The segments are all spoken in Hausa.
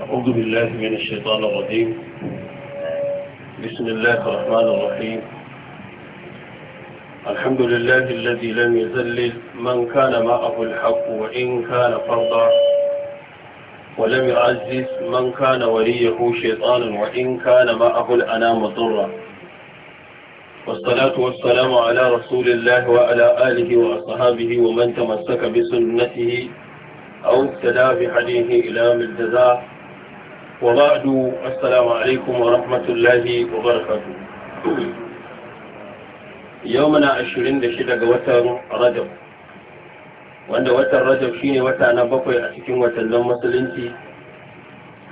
أعوذ بالله من الشيطان الرجيم بسم الله الرحمن الرحيم الحمد لله الذي لم يذلل من كان معه الحق وإن كان فرضا ولم يعزز من كان وليه شيطانا وإن كان معه الأنام ضرا والصلاة والسلام على رسول الله وعلى آله وأصحابه ومن تمسك بسنته أو ابتدى بهديه إلى الجزاء وبعد السلام عليكم ورحمة الله وبركاته يومنا عشرين دشدة وتر رجب wanda watan rajab shine wata na bakwai a cikin watannin musulunci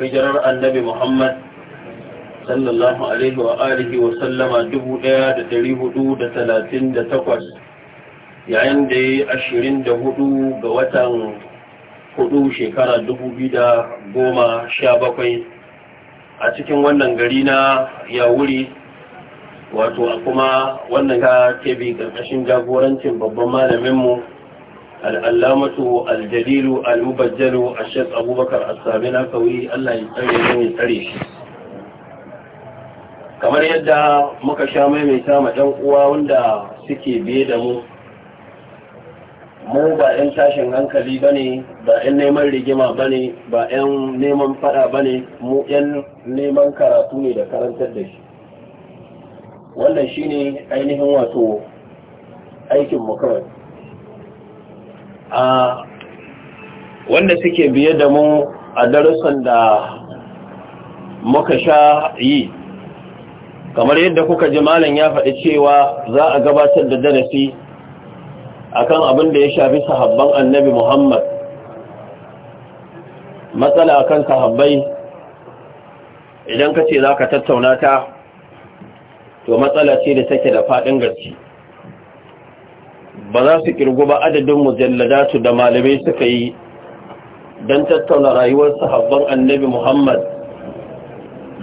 hijirar annabi muhammad sallallahu alaihi wa alihi wa sallama 1438 yayin da ya yi hudu ga watan hudu shekara dubu biyu da goma sha bakwai a cikin wannan gari na yawuri wato a kuma wannan ka kebe karkashin jagorancin babban malaminmu al'allamatu aljadilu al'ubajjalu a shek abubakar sami na kawai allah ya tsare ne ya tsare shi kamar yadda muka sha maimaita ma uwa wanda suke biye da mu mu ba 'yan tashin hankali ba ne ba 'yan neman rigima ba ne ba 'yan neman fada ba ne mu 'yan neman karatu ne da karantar da shi wannan shi ne ainihin wato aikinmu kawai a wanda suke biye da mu a darussan da muka sha yi kamar yadda kuka ji malam ya faɗi cewa za a gabatar da darasi akan abin da ya shafi sahabban annabi Muhammad matsala akan sahabbai idan ka ce za ka tattauna ta to matsala ce da take da faɗin garci ba za su kirgu ba adadin mujalladatu da malamai suka yi don tattauna rayuwar sahabban annabi Muhammad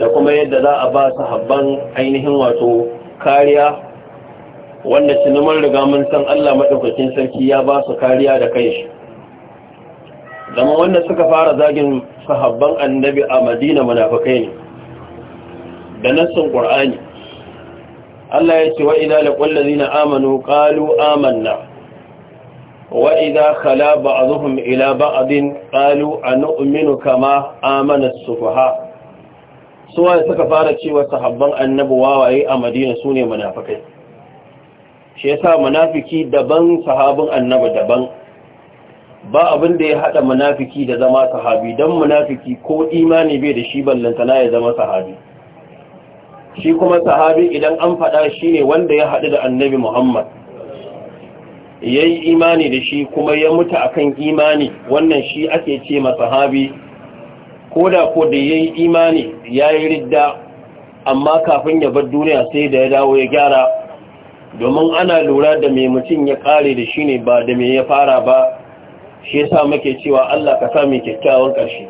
da kuma yadda za a ba sahabban ainihin wato kariya wanda sinimar riga mun san Allah maɗaukakin sarki ya ba su kariya da kai shi zama wanda suka fara zagin sahabban annabi a madina munafakai ne da nassin ƙur'ani Allah ya ce wa'ida da ƙwallazi na amanu ƙalu amanna wa'ida khala ba'azuhum ila ba'adin ƙalu a kama amana sufaha suwa suka fara cewa sahabban annabi wawaye a madina su ne munafakai shi yasa munafiki daban sahabin annabi daban ba abin da ya hada munafiki da zama sahabi dan munafiki ko imani bai da shi ballantana ya zama sahabi shi kuma sahabi idan an fada shi ne wanda ya hadu da annabi Muhammad yayi imani da shi kuma ya mutu akan imani wannan shi ake ce ma sahabi koda ko da yayi imani yayi ridda amma kafin ya bar duniya sai da ya dawo ya gyara domin ana lura da mai mutum ya ƙare da shi ne ba da mai ya fara ba shi ya yasa muke cewa Allah ka sami kyakkyawan ƙarshe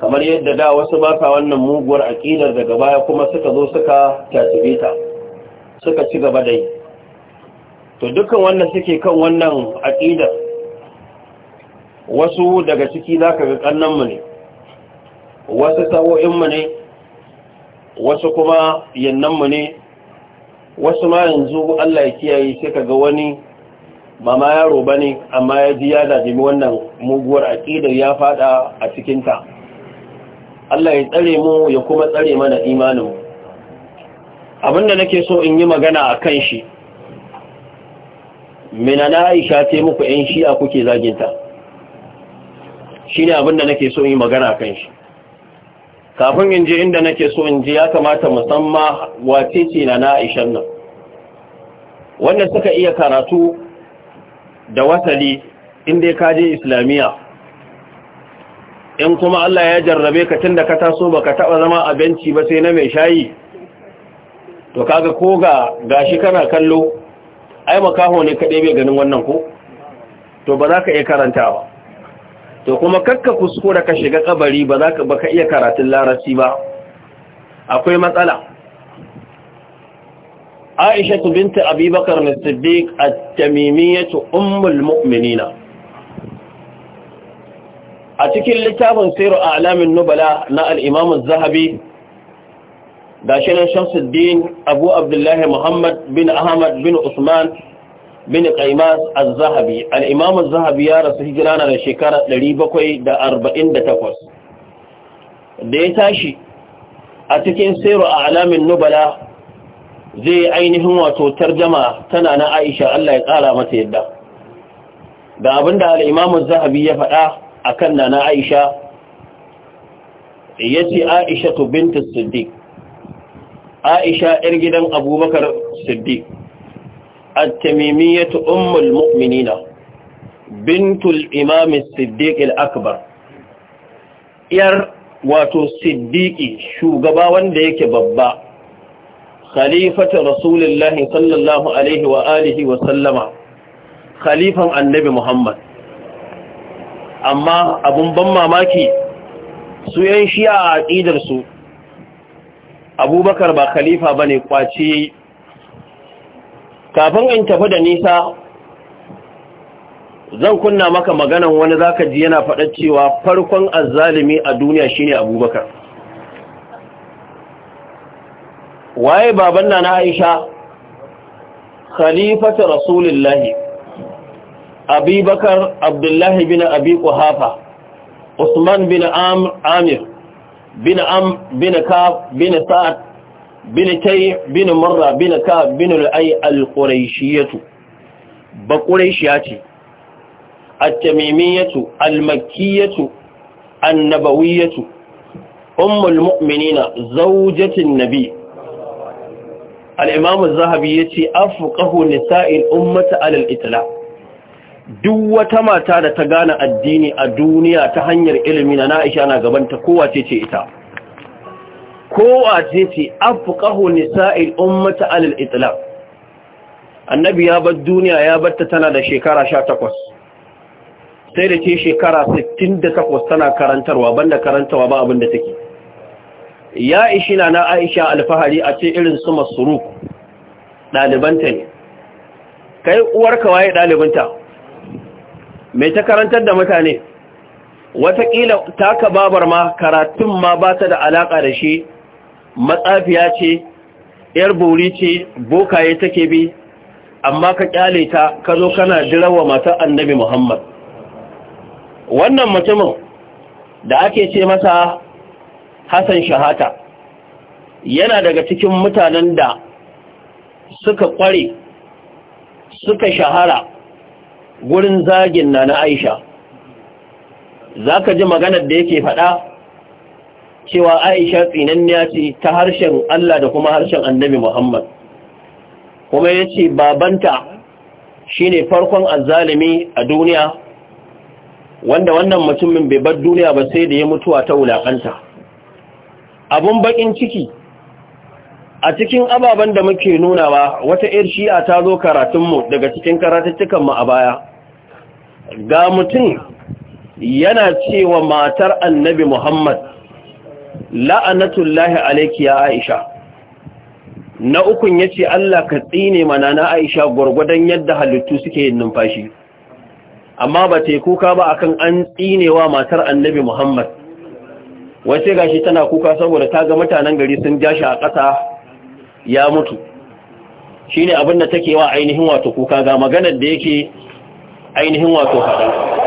kamar yadda da wasu ba ka wannan muguwar aƙidar daga baya kuma suka zo suka tasibe ta suka ci gaba da to dukkan wannan suke kan wannan aƙidar wasu daga ciki za ka ga ƙannanmu ne wasu sawo'inmu ne wasu kuma yannanmu ne wasu ma yanzu Allah ya kiyaye sai kaga wani mama ma yaro bane amma ya ji ya dajimi wannan muguwar aqidar ya fada a cikin ta Allah ya tsare mu ya kuma tsare mana imanin abinda nake so in yi magana akan shi mina na Aisha ce muku shi shi'a kuke zaginta shine abinda nake so in yi magana akan shi kafin in je inda nake so in ji ya kamata musamman wace ce na na'ishan nan wanda suka iya karatu da wasali inda ka je islamiyya in kuma Allah ya jarrabe ka tun da ka taso ba ka taɓa zama abinci ba sai na mai shayi to kaga ko ga gashi kana kallo ai makaho ne kaɗai bai ganin wannan ko to ba za ka iya karanta ba to kuma kakka kuskura ka shiga kabari ba za ka baka iya karatun larasi ba akwai matsala Aisha binti Abi na siddiq a tamimiyyah ummul mu'minina a cikin littafin a A'lamin Nubala na al-Imam zahabi gashi nan Shamsuddin Abu Abdullahi, Muhammad bin Ahmad bin Usman bin qaimas az-zahabi al-imam az-zahabi ya rasu hijira na shekara 748 da ya tashi a cikin sayru a alamin nubala zai ainihin wato jama tana na Aisha Allah ya kara mata yadda da abinda al-imam az-zahabi ya faɗa akan nana Aisha yace Aisha bint as-siddiq Aisha 'yar gidan Abubakar Siddiq التميمية أم المؤمنين بنت الإمام الصديق الأكبر ير واتو صديقي شو قباوان ديك ببا خليفة رسول الله صلى الله عليه وآله وسلم خليفة النبي محمد أما أبن بما ماكي سوين شيعة عقيدر سو أبو بكر با خليفة بني قواتي kafin in tafi da nisa zan kunna maka maganan wani zaka ji yana faɗa cewa farkon azzalimi a duniya shine abubakar waye baban na na aisha khalifatu rasulullahi abubakar abdullahi bin abi quhafa usman bin amr amir bin am bin kaf bin sa'ad bin tai bin marra bin ka bin al'ai al-quraishiyatu ba ce at-tamimiyatu al-makkiyatu an-nabawiyatu ummul mu'minina zawjatin nabi al-imam az-zahabi yace afqahu nisa'il ummati ala al-itla duk wata mata da ta gane addini a duniya ta hanyar ilimi na Aisha na gaban ta kowace ce ita Ko a ce ce afqahu nisa'il ummata alal itlaq annabi ya bar duniya ya barta tana da shekara 18 sai da ce shekara 68 tana karantarwa banda karantawa ba abin da take ya ishi na Aisha alfahari a ce irin su masruq dalibanta ne kai uwar ka waye dalibanta Me ta karantar da mutane watakila taka babar ma karatun ma ba ta da alaƙa da shi matsafiya ce yar buri ce bokaye take bi amma ka kyale ta ka zo kana jirawa matar annabi muhammad wannan mutumin da ake ce masa hassan shahata yana daga cikin mutanen da suka kware suka shahara gurin zagin na na aisha za ka ji maganar da yake faɗa cewa aisha tsinanniya ce ta harshen Allah da kuma harshen annabi Muhammad kuma ya ce babanta shi ne farkon azalimi a duniya wanda wannan mutumin bai bar duniya ba sai da ya mutuwa ta wulaƙanta abun baƙin ciki a cikin ababen da muke nuna ba, wata ‘yar shi'a ta zo karatunmu daga cikin karatattukanmu a baya ga mutum yana cewa matar annabi Muhammad la'anatullahi alaiki ya aisha na ukun ya ce Allah ka tsine mana na aisha gwargwadon yadda halittu suke yin numfashi amma ba ta kuka ba akan an tsinewa matar annabi Muhammad wace gashi tana kuka saboda ta ga mutanen gari sun jashi a ƙasa ya mutu shine abin da take wa ainihin wato kuka ga maganar da yake ainihin wato haɗa.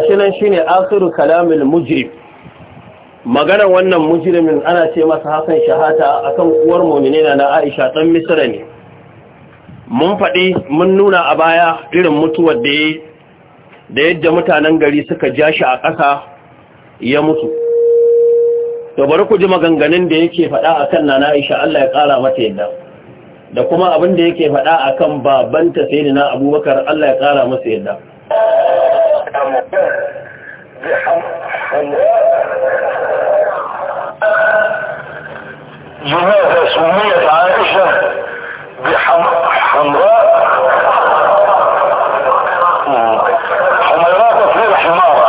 gashi nan shine akhiru kalamil mujrim maganar wannan mujrimin ana ce masa hakan shahata akan uwar mu'minina na Aisha ɗan Misra ne mun faɗi mun nuna a baya irin mutuwar da da yadda mutanen gari suka ja shi a ƙasa ya mutu to bari ku ji maganganun da yake faɗa akan nana Aisha Allah ya ƙara mata yadda da kuma abin da yake faɗa akan babanta sayyidina abubakar Allah ya ƙara masa yadda لماذا سميت عائشة بحمراء حمراء تفير حمارة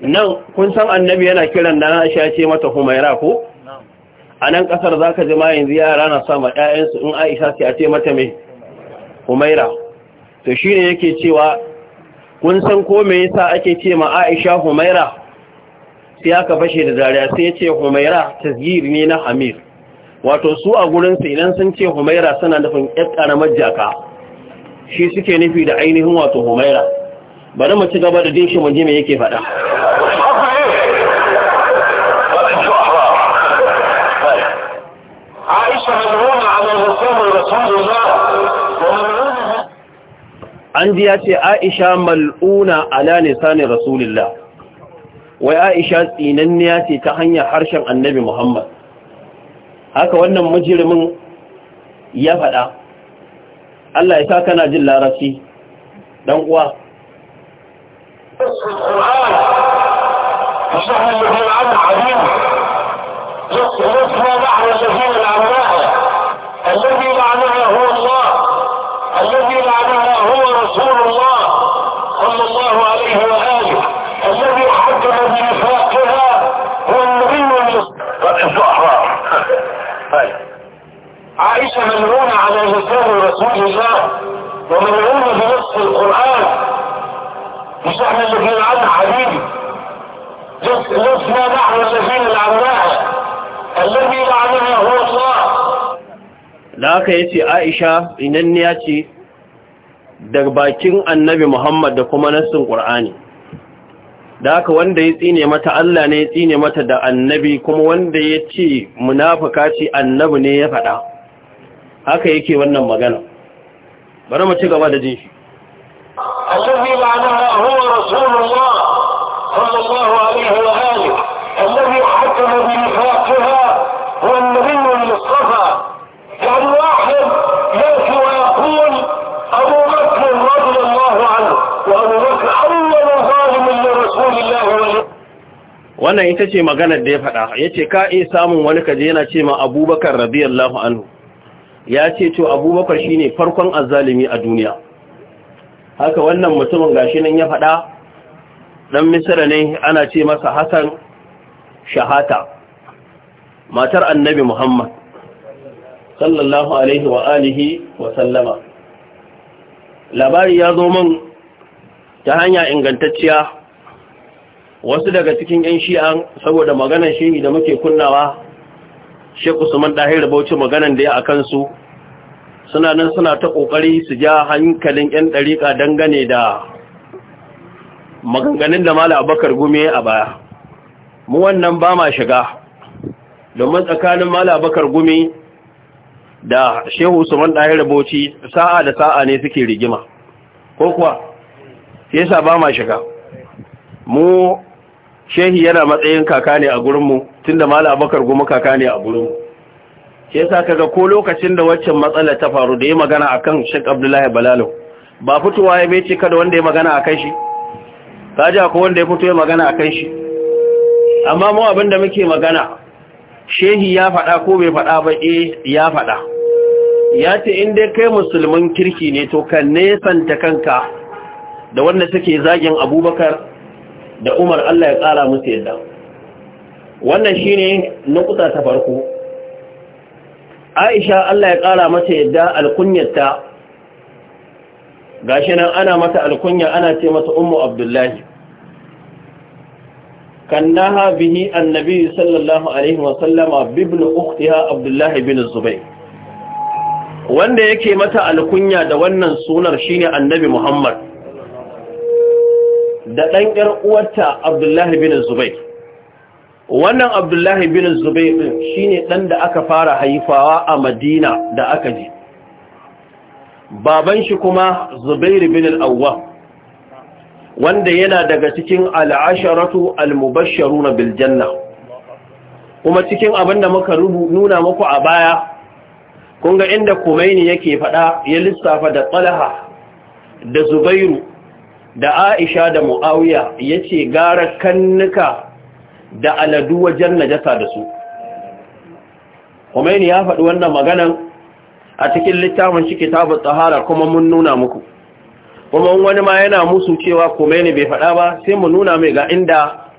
نعم كنت أن النبي أنا كلا أن أشياء متى a nan kasar za ka jima yanzu yara na sama ‘ya'yansu in aisha ce a ce mata mai humaira to shi ne yake cewa kun san ko me yasa ake ce ma aisha humaira sai aka fashe da dariya sai ya ce humaira tasgir ne na hamir wato su a gurinsu idan sun ce humaira suna nufin ‘yar na jaka shi suke nufi da ainihin wato humaira bari mu ci gaba da dinshi mu ji me yake faɗa an ji ya ce aisha mal'una ala lisanin rasulillah wai aisha tsinanniya ce ta hanyar harshen annabi muhammad haka wannan mujirimin ya faɗa Allah ya sa kana jin larabci dan uwa فصحى الذين عن عظيم يصرفنا نحو الذين العملاء الذي لعنها هو الله الذي لعنها هو رسول الله صلى الله عليه وآله الذي حكم بنفاقها هو النبي المصطفى طيب. عائشة ملعونة على لسان رسول الله وملعونة بنص القرآن مش احنا اللي بنلعنها حبيبي لسنا نحن da aka yi ce aisha inanniya ce daga bakin annabi muhammad da kuma nassin ƙur'ani da aka wanda ya tsine mata allah ne ya tsine mata da annabi kuma wanda ya ce munafuka ce annabi ne ya faɗa haka yake wannan magana bari mu ci gaba da jin shi wannan ita ce maganar da ya faɗa ya ce ka iya samun wani kaje yana ce ma abubakar radiyallahu anhu ya ce to abubakar shi ne farkon azalimi a duniya haka wannan mutumin gashi nan ya faɗa ɗan misira ne ana ce masa hasan shahata matar annabi muhammad sallallahu alaihi wa alihi wa sallama labari ya zo min ta hanya ingantacciya wasu daga cikin yan shi'a saboda maganar shi da muke kunnawa Sheikh Usman Dahir Bauchi maganan da ya a kansu, suna nan suna ta ƙoƙari su ja hankalin yan ɗariƙa dangane da maganganun da Malam Abubakar Gume a baya mu wannan ba ma shiga domin tsakanin Malam Abubakar Gume da Shehu Usman Dahir Bauchi sa'a da sa'a ne suke rigima ko kuwa sai yasa ba ma shiga mu shehi yana matsayin kaka ne a gurinmu tunda mala abakar goma kaka ne a gurinmu shi yasa kaga ko lokacin da waccan matsala ta faru da ya magana a kan shek Abdullahi Balalo ba fitowa ya bai ce kada wanda ya magana a kan shi kaji ko wanda ya fito ya magana a kan shi amma mu abin da muke magana shehi ya faɗa ko bai faɗa ba eh ya faɗa ya ce in dai kai musulmin kirki ne to ka nesanta kanka da wanda suke zagin Abubakar da umar Allah ya ƙara musu yadda wannan shi ne nukuta ta farko aisha Allah ya ƙara mata yadda alkunyarta Ga shi nan ana mata alkunya ana ce mata ummu abdullahi kannaha bihi annabi sallallahu alaihi wa sallama bibn abdullahi bin zubayr wanda yake mata alkunya da wannan sunar shine annabi muhammad da ɗan ƴar uwarta Abdullahi bin zubai wannan Abdullahi bin Zubair shi ne ɗan da aka fara haifawa a Madina da aka ji baban shi kuma Zubairu bin al'awwa wanda yana daga cikin al'asharatu al'mubasharu na Biljanna. kuma cikin abinda muka nuna muku a baya Kunga inda Kumaini yake faɗa ya lissafa da tsalaha da Zubairu da aisha da mu'awiya ya ce gara kannuka da aladu wajen najasa da su Khomeini ya faɗi wannan maganan a cikin littafin shi kitabun tsahara kuma mun nuna muku kuma wani ma yana musu cewa ni bai faɗa ba sai mu nuna mai ga inda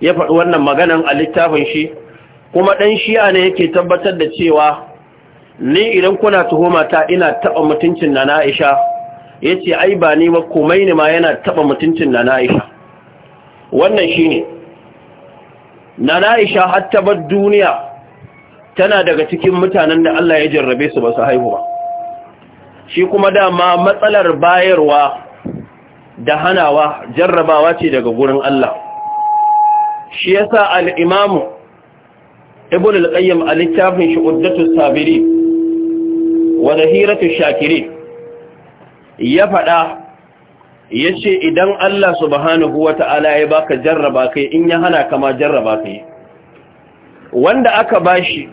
ya faɗi wannan maganan a littafin shi kuma ɗan shi'a ne yake tabbatar da cewa ni idan kuna tuhuma ta ina taɓa mutuncin na Aisha. ya ce ai ba ni ba komai ne ma yana taɓa mutuncin na na'isha wannan shi ne na na'isha bar duniya tana daga cikin mutanen da Allah ya jarrabe su ba su haihu ba shi kuma dama matsalar bayarwa da hanawa jarrabawa ce daga gurin Allah shi yasa sa al’imamu ibn al’ayyam a littafin shi sabiri wa zahiratu shakirin ya faɗa ya ce idan Allah subhanahu wa ta'ala ya ka jarraba kai in ya hana kama jarraba kai wanda aka ba shi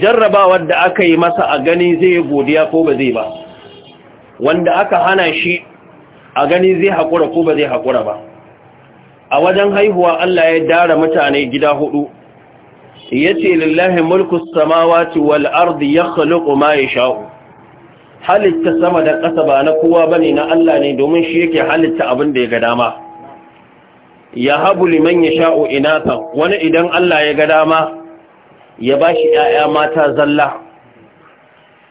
jarraba da aka yi masa a gani zai godiya ko ba zai ba wanda aka hana shi a gani zai haƙura ko ba zai haƙura ba a wajen haihuwa Allah ya dara mutane gida hudu ya ce lillahi mulkus samawati wal ardi ya khaliqu ma sha'u. halitta sama da ƙasa ba na kowa ba ne na Allah ne domin shi yake halitta abin da ya ga dama ya habu liman ya sha'o ta wani idan Allah ya ga dama ya ba shi ‘ya'ya mata zalla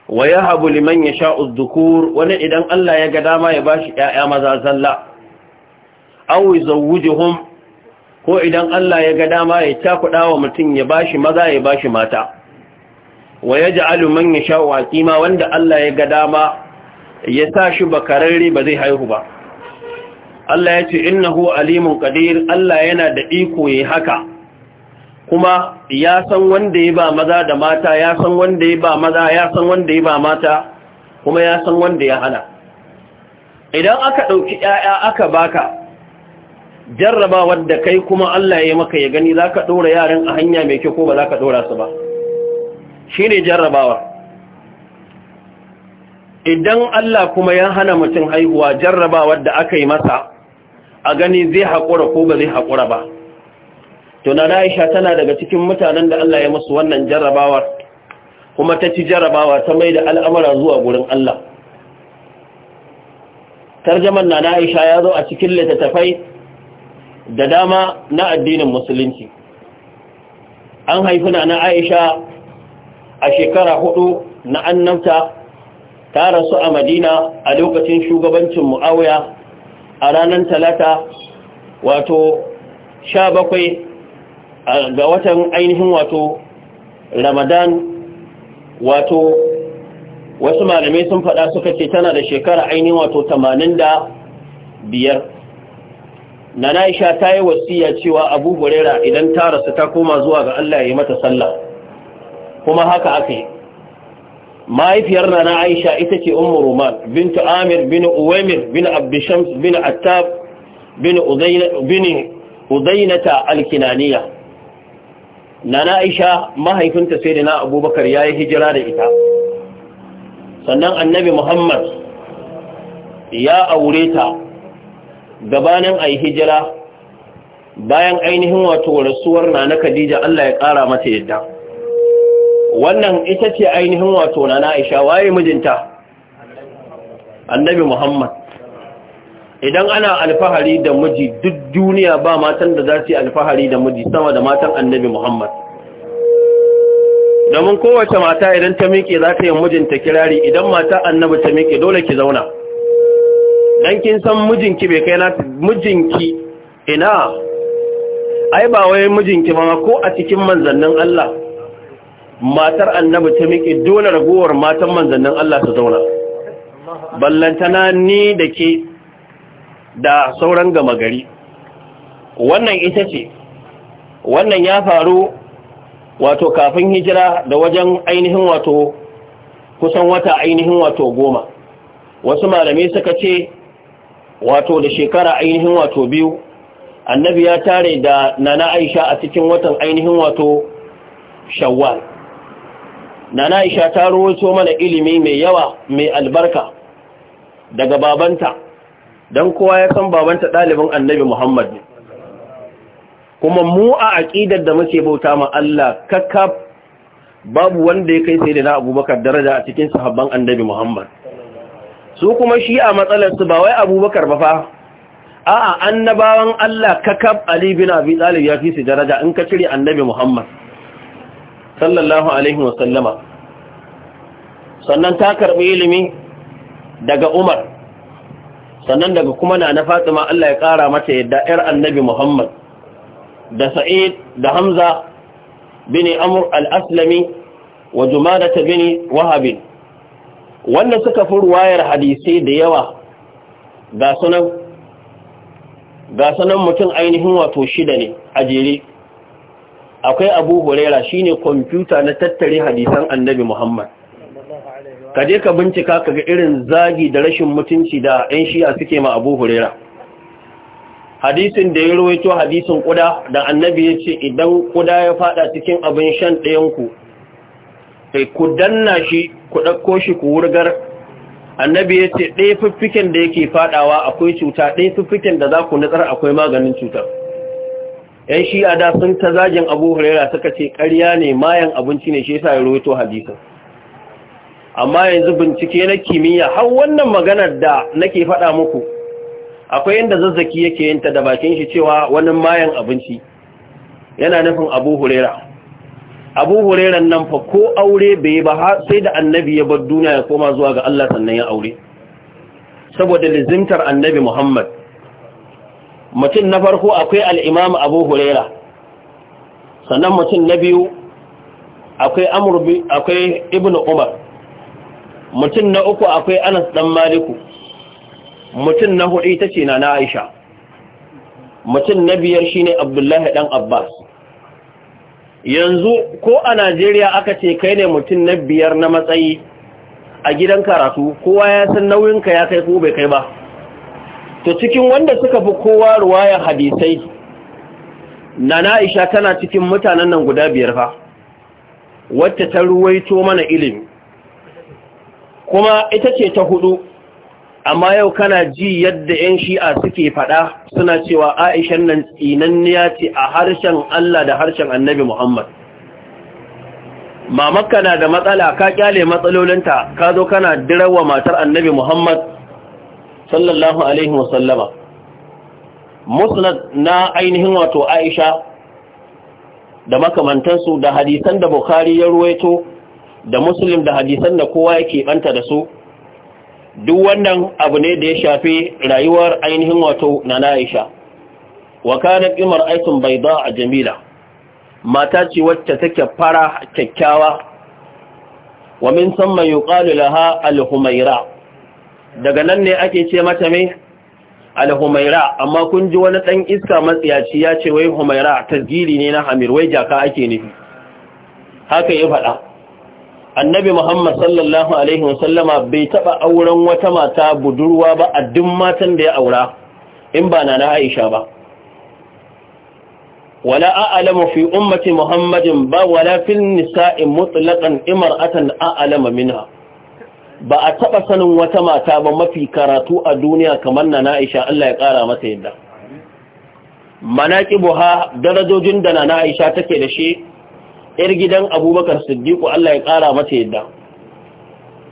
wa ya habu liman ya sha'o dukur wani idan Allah ya ga dama ya ba shi ‘ya'ya maza zalla awi zawujuhum ko idan Allah ya ga dama ya cakuɗa wa mutum ya ba shi maza ya ba shi mata wa ya ji ya ya sha watsima wanda Allah ya ga dama ya sa shi bakararre ba zai haihu ba Allah ya ce innahu alimun qadir Allah yana da iko yi haka kuma ya san wanda ya ba maza da mata ya san wanda ya ba maza ya san wanda ya ba mata kuma ya san wanda ya hana idan aka ɗauki ‘ya'ya aka baka jarraba wadda kai kuma Allah ya maka ya gani za ka ɗora yaren a hanya mai kyau ko ba za ka ɗora su ba Shi ne jarrabawa idan Allah kuma ya hana mutum haihuwa jarrabawa da aka yi masa a gani zai haƙura ko ba zai haƙura ba na aisha tana daga cikin mutanen da Allah ya musu wannan jarrabawa kuma ta ci jarrabawa ta mai da al'amura zuwa gurin Allah tarjaman na na aisha ya zo a cikin littattafai da dama na addinin musulunci an haifuna na aisha a shekara hudu na annabta ta rasu a madina a lokacin shugabancin mu'awuya a ranar talata wato sha bakwai ga watan ainihin wato ramadan wato wasu malamai sun faɗa suka ce tana da shekara ainihin wato tamanin da biyar na na ta yi wasiya cewa abu burera idan ta rasu ta koma zuwa ga allah ya yi mata sallah kuma haka aka yi mahaifiyar na na aisha ita ce umu roman bintu amir bin uwaimir bin Abishams, bin attab bin udainata alkinaniya na na aisha mahaifinta sai da na abubakar ya yi hijira da ita sannan annabi muhammad ya aure ta gabanin a yi hijira bayan ainihin wato rasuwar na na khadija allah ya kara mata yadda wannan ita ce ainihin wato na Aisha waye mijinta Annabi Muhammad idan ana alfahari da miji duk duniya ba matan da za su yi alfahari da miji sama da matan Annabi Muhammad domin kowace mata idan ta miƙe za ta yi mijinta kirari idan mata Annabi ta miƙe dole ki zauna dan kin san mijinki bai kai na mijinki ina ai ba wai mijinki ba ko a cikin manzannin Allah matar annabi ta miƙe dole ragowar matan manzannin Allah ta zauna ballantana ni da ke da sauran gama gari wannan ita ce wannan ya faru wato kafin hijira da wajen ainihin wato kusan wata ainihin wato goma wasu malamai suka ce wato da shekara ainihin wato biyu annabi ya tare da nana aisha a cikin watan ainihin wato shawwal na na'isha ta rawaito mana ilimi mai yawa mai albarka daga babanta don kowa ya san babanta ɗalibin annabi muhammad kuma mu a aƙidar da muke bauta ma Allah kakka babu wanda ya kai sai da na abubakar daraja a cikin sahabban annabi muhammad su kuma shi a matsalarsu ba wai abubakar ba fa a'a annabawan Allah kakab Ali bin Abi ya fi su daraja in ka cire annabi Muhammad sallallahu alaihi wasallama sannan ta karbi ilimi daga umar sannan daga kuma na na fatima Allah ya ƙara mata yadda 'yar annabi muhammad da sa'id da hamza bini amur al'aslami wa jumada ta bini wahabin wanda suka fi ruwayar hadisai da yawa ga sunan mutum ainihin wato shida ne a jere akwai abu huraira ne kwamfuta na tattare hadisan annabi muhammad ka je ka bincika ka ga irin zagi da rashin mutunci da 'yan shi'a suke ma abu huraira hadisin da ya rawaito hadisin kuda da annabi ya ce idan kuda ya fada cikin abin shan ɗayanku sai eh, ku danna shi ku ɗauko shi ku wurgar annabi ya ce ɗaya fiffiken da yake fadawa akwai cuta ɗaya fiffiken da za ku nutsar akwai maganin cutar yan shi a da sun ta zagin abu huraira suka ce ƙarya ne mayan abinci ne shi sa ya rawaito hadisin amma yanzu bincike na kimiyya har wannan maganar da nake faɗa muku akwai yadda zazzaki yake yin ta da bakin shi cewa wani mayan abinci yana nufin abu huraira abu hurairan nan fa ko aure bai ba sai da annabi ya bar duniya ya koma zuwa ga Allah sannan ya aure saboda lizimtar annabi Muhammad mutum na farko akwai Al'imami abu huraira sannan mutum na biyu akwai amurbi akwai ibn umar mutum na uku akwai anas dan maliku mutum na hudu ita ce na aisha mutum na biyar shine abdullahi dan abbas yanzu ko a najeriya aka ce kai ne mutum na biyar na matsayi a gidan karatu kowa ya san nauyinka ya kai ko bai kai ba to cikin wanda suka fi kowa ruwayar hadisai na na'isha tana cikin mutanen nan guda biyar fa wacce ta ruwaito mana ilimi kuma ita ce ta hudu amma yau kana ji yadda 'yan shi'a suke fada suna cewa aishan nan tsinanniya ce a harshen Allah da harshen annabi Muhammad mamakka na da matsala ka kyale matsalolinta ka zo kana dirawa matar annabi Muhammad sallallahu alaihi wasallama musnad na ainihin wato aisha da makamantansu da hadisan da bukari ya ruwaito da muslim da hadisan da kowa yake banta da su duk wannan abu ne da ya shafi rayuwar ainihin wato na aisha wa kanat imar aikin baida a jamila mata ce wacce take fara kyakkyawa wa min samma yuqalu laha al-humaira daga nan ne ake ce mata mai Alhumaira, amma kun ji wani ɗan iska matsiyaci ya ce wai humaira tasgiri ne na hamir wai jaka ake nufi haka ya faɗa annabi muhammad sallallahu alaihi wasallama bai taɓa auren wata mata budurwa ba a duk matan da ya aura in ba na aisha ba wala a'lamu fi ummati muhammadin ba wala fil nisa'i mutlaqan imra'atan a'lamu minha ba a taɓa sanin wata mata ba mafi karatu a duniya kamar na na'isha Allah ya ƙara masa yadda manaƙibu ha darajojin da na na'isha take da shi ‘yar gidan abubakar siddiƙu Allah ya ƙara masa yadda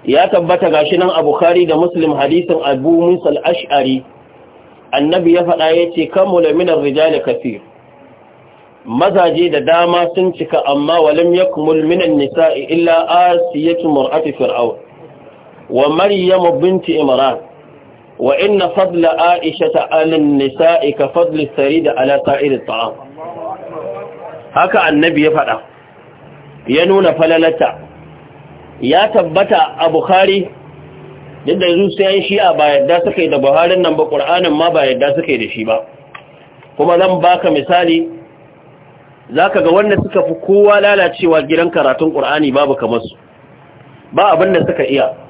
ya tabbata gashi nan a Bukhari da muslim hadisin abu musal ash'ari annabi ya faɗa ya ce kammula minar rijali kafir mazaje da dama sun cika amma walam yakmul minan nisa'i illa asiyatu mar'ati fir'aun wa Maryamu binti imran wa inna fadla aisha ala nisa'i ka fadli sarida ala sa'ir ta'am haka annabi ya faɗa ya nuna falalata ya tabbata a bukhari duk da zuciyan shi'a ba yadda suke da buharin nan ba ƙur'anin ma ba yadda suke da shi ba kuma zan baka misali zaka ga wanda suka fi kowa lalacewa gidan karatun ƙur'ani babu kamar su ba abin da suka iya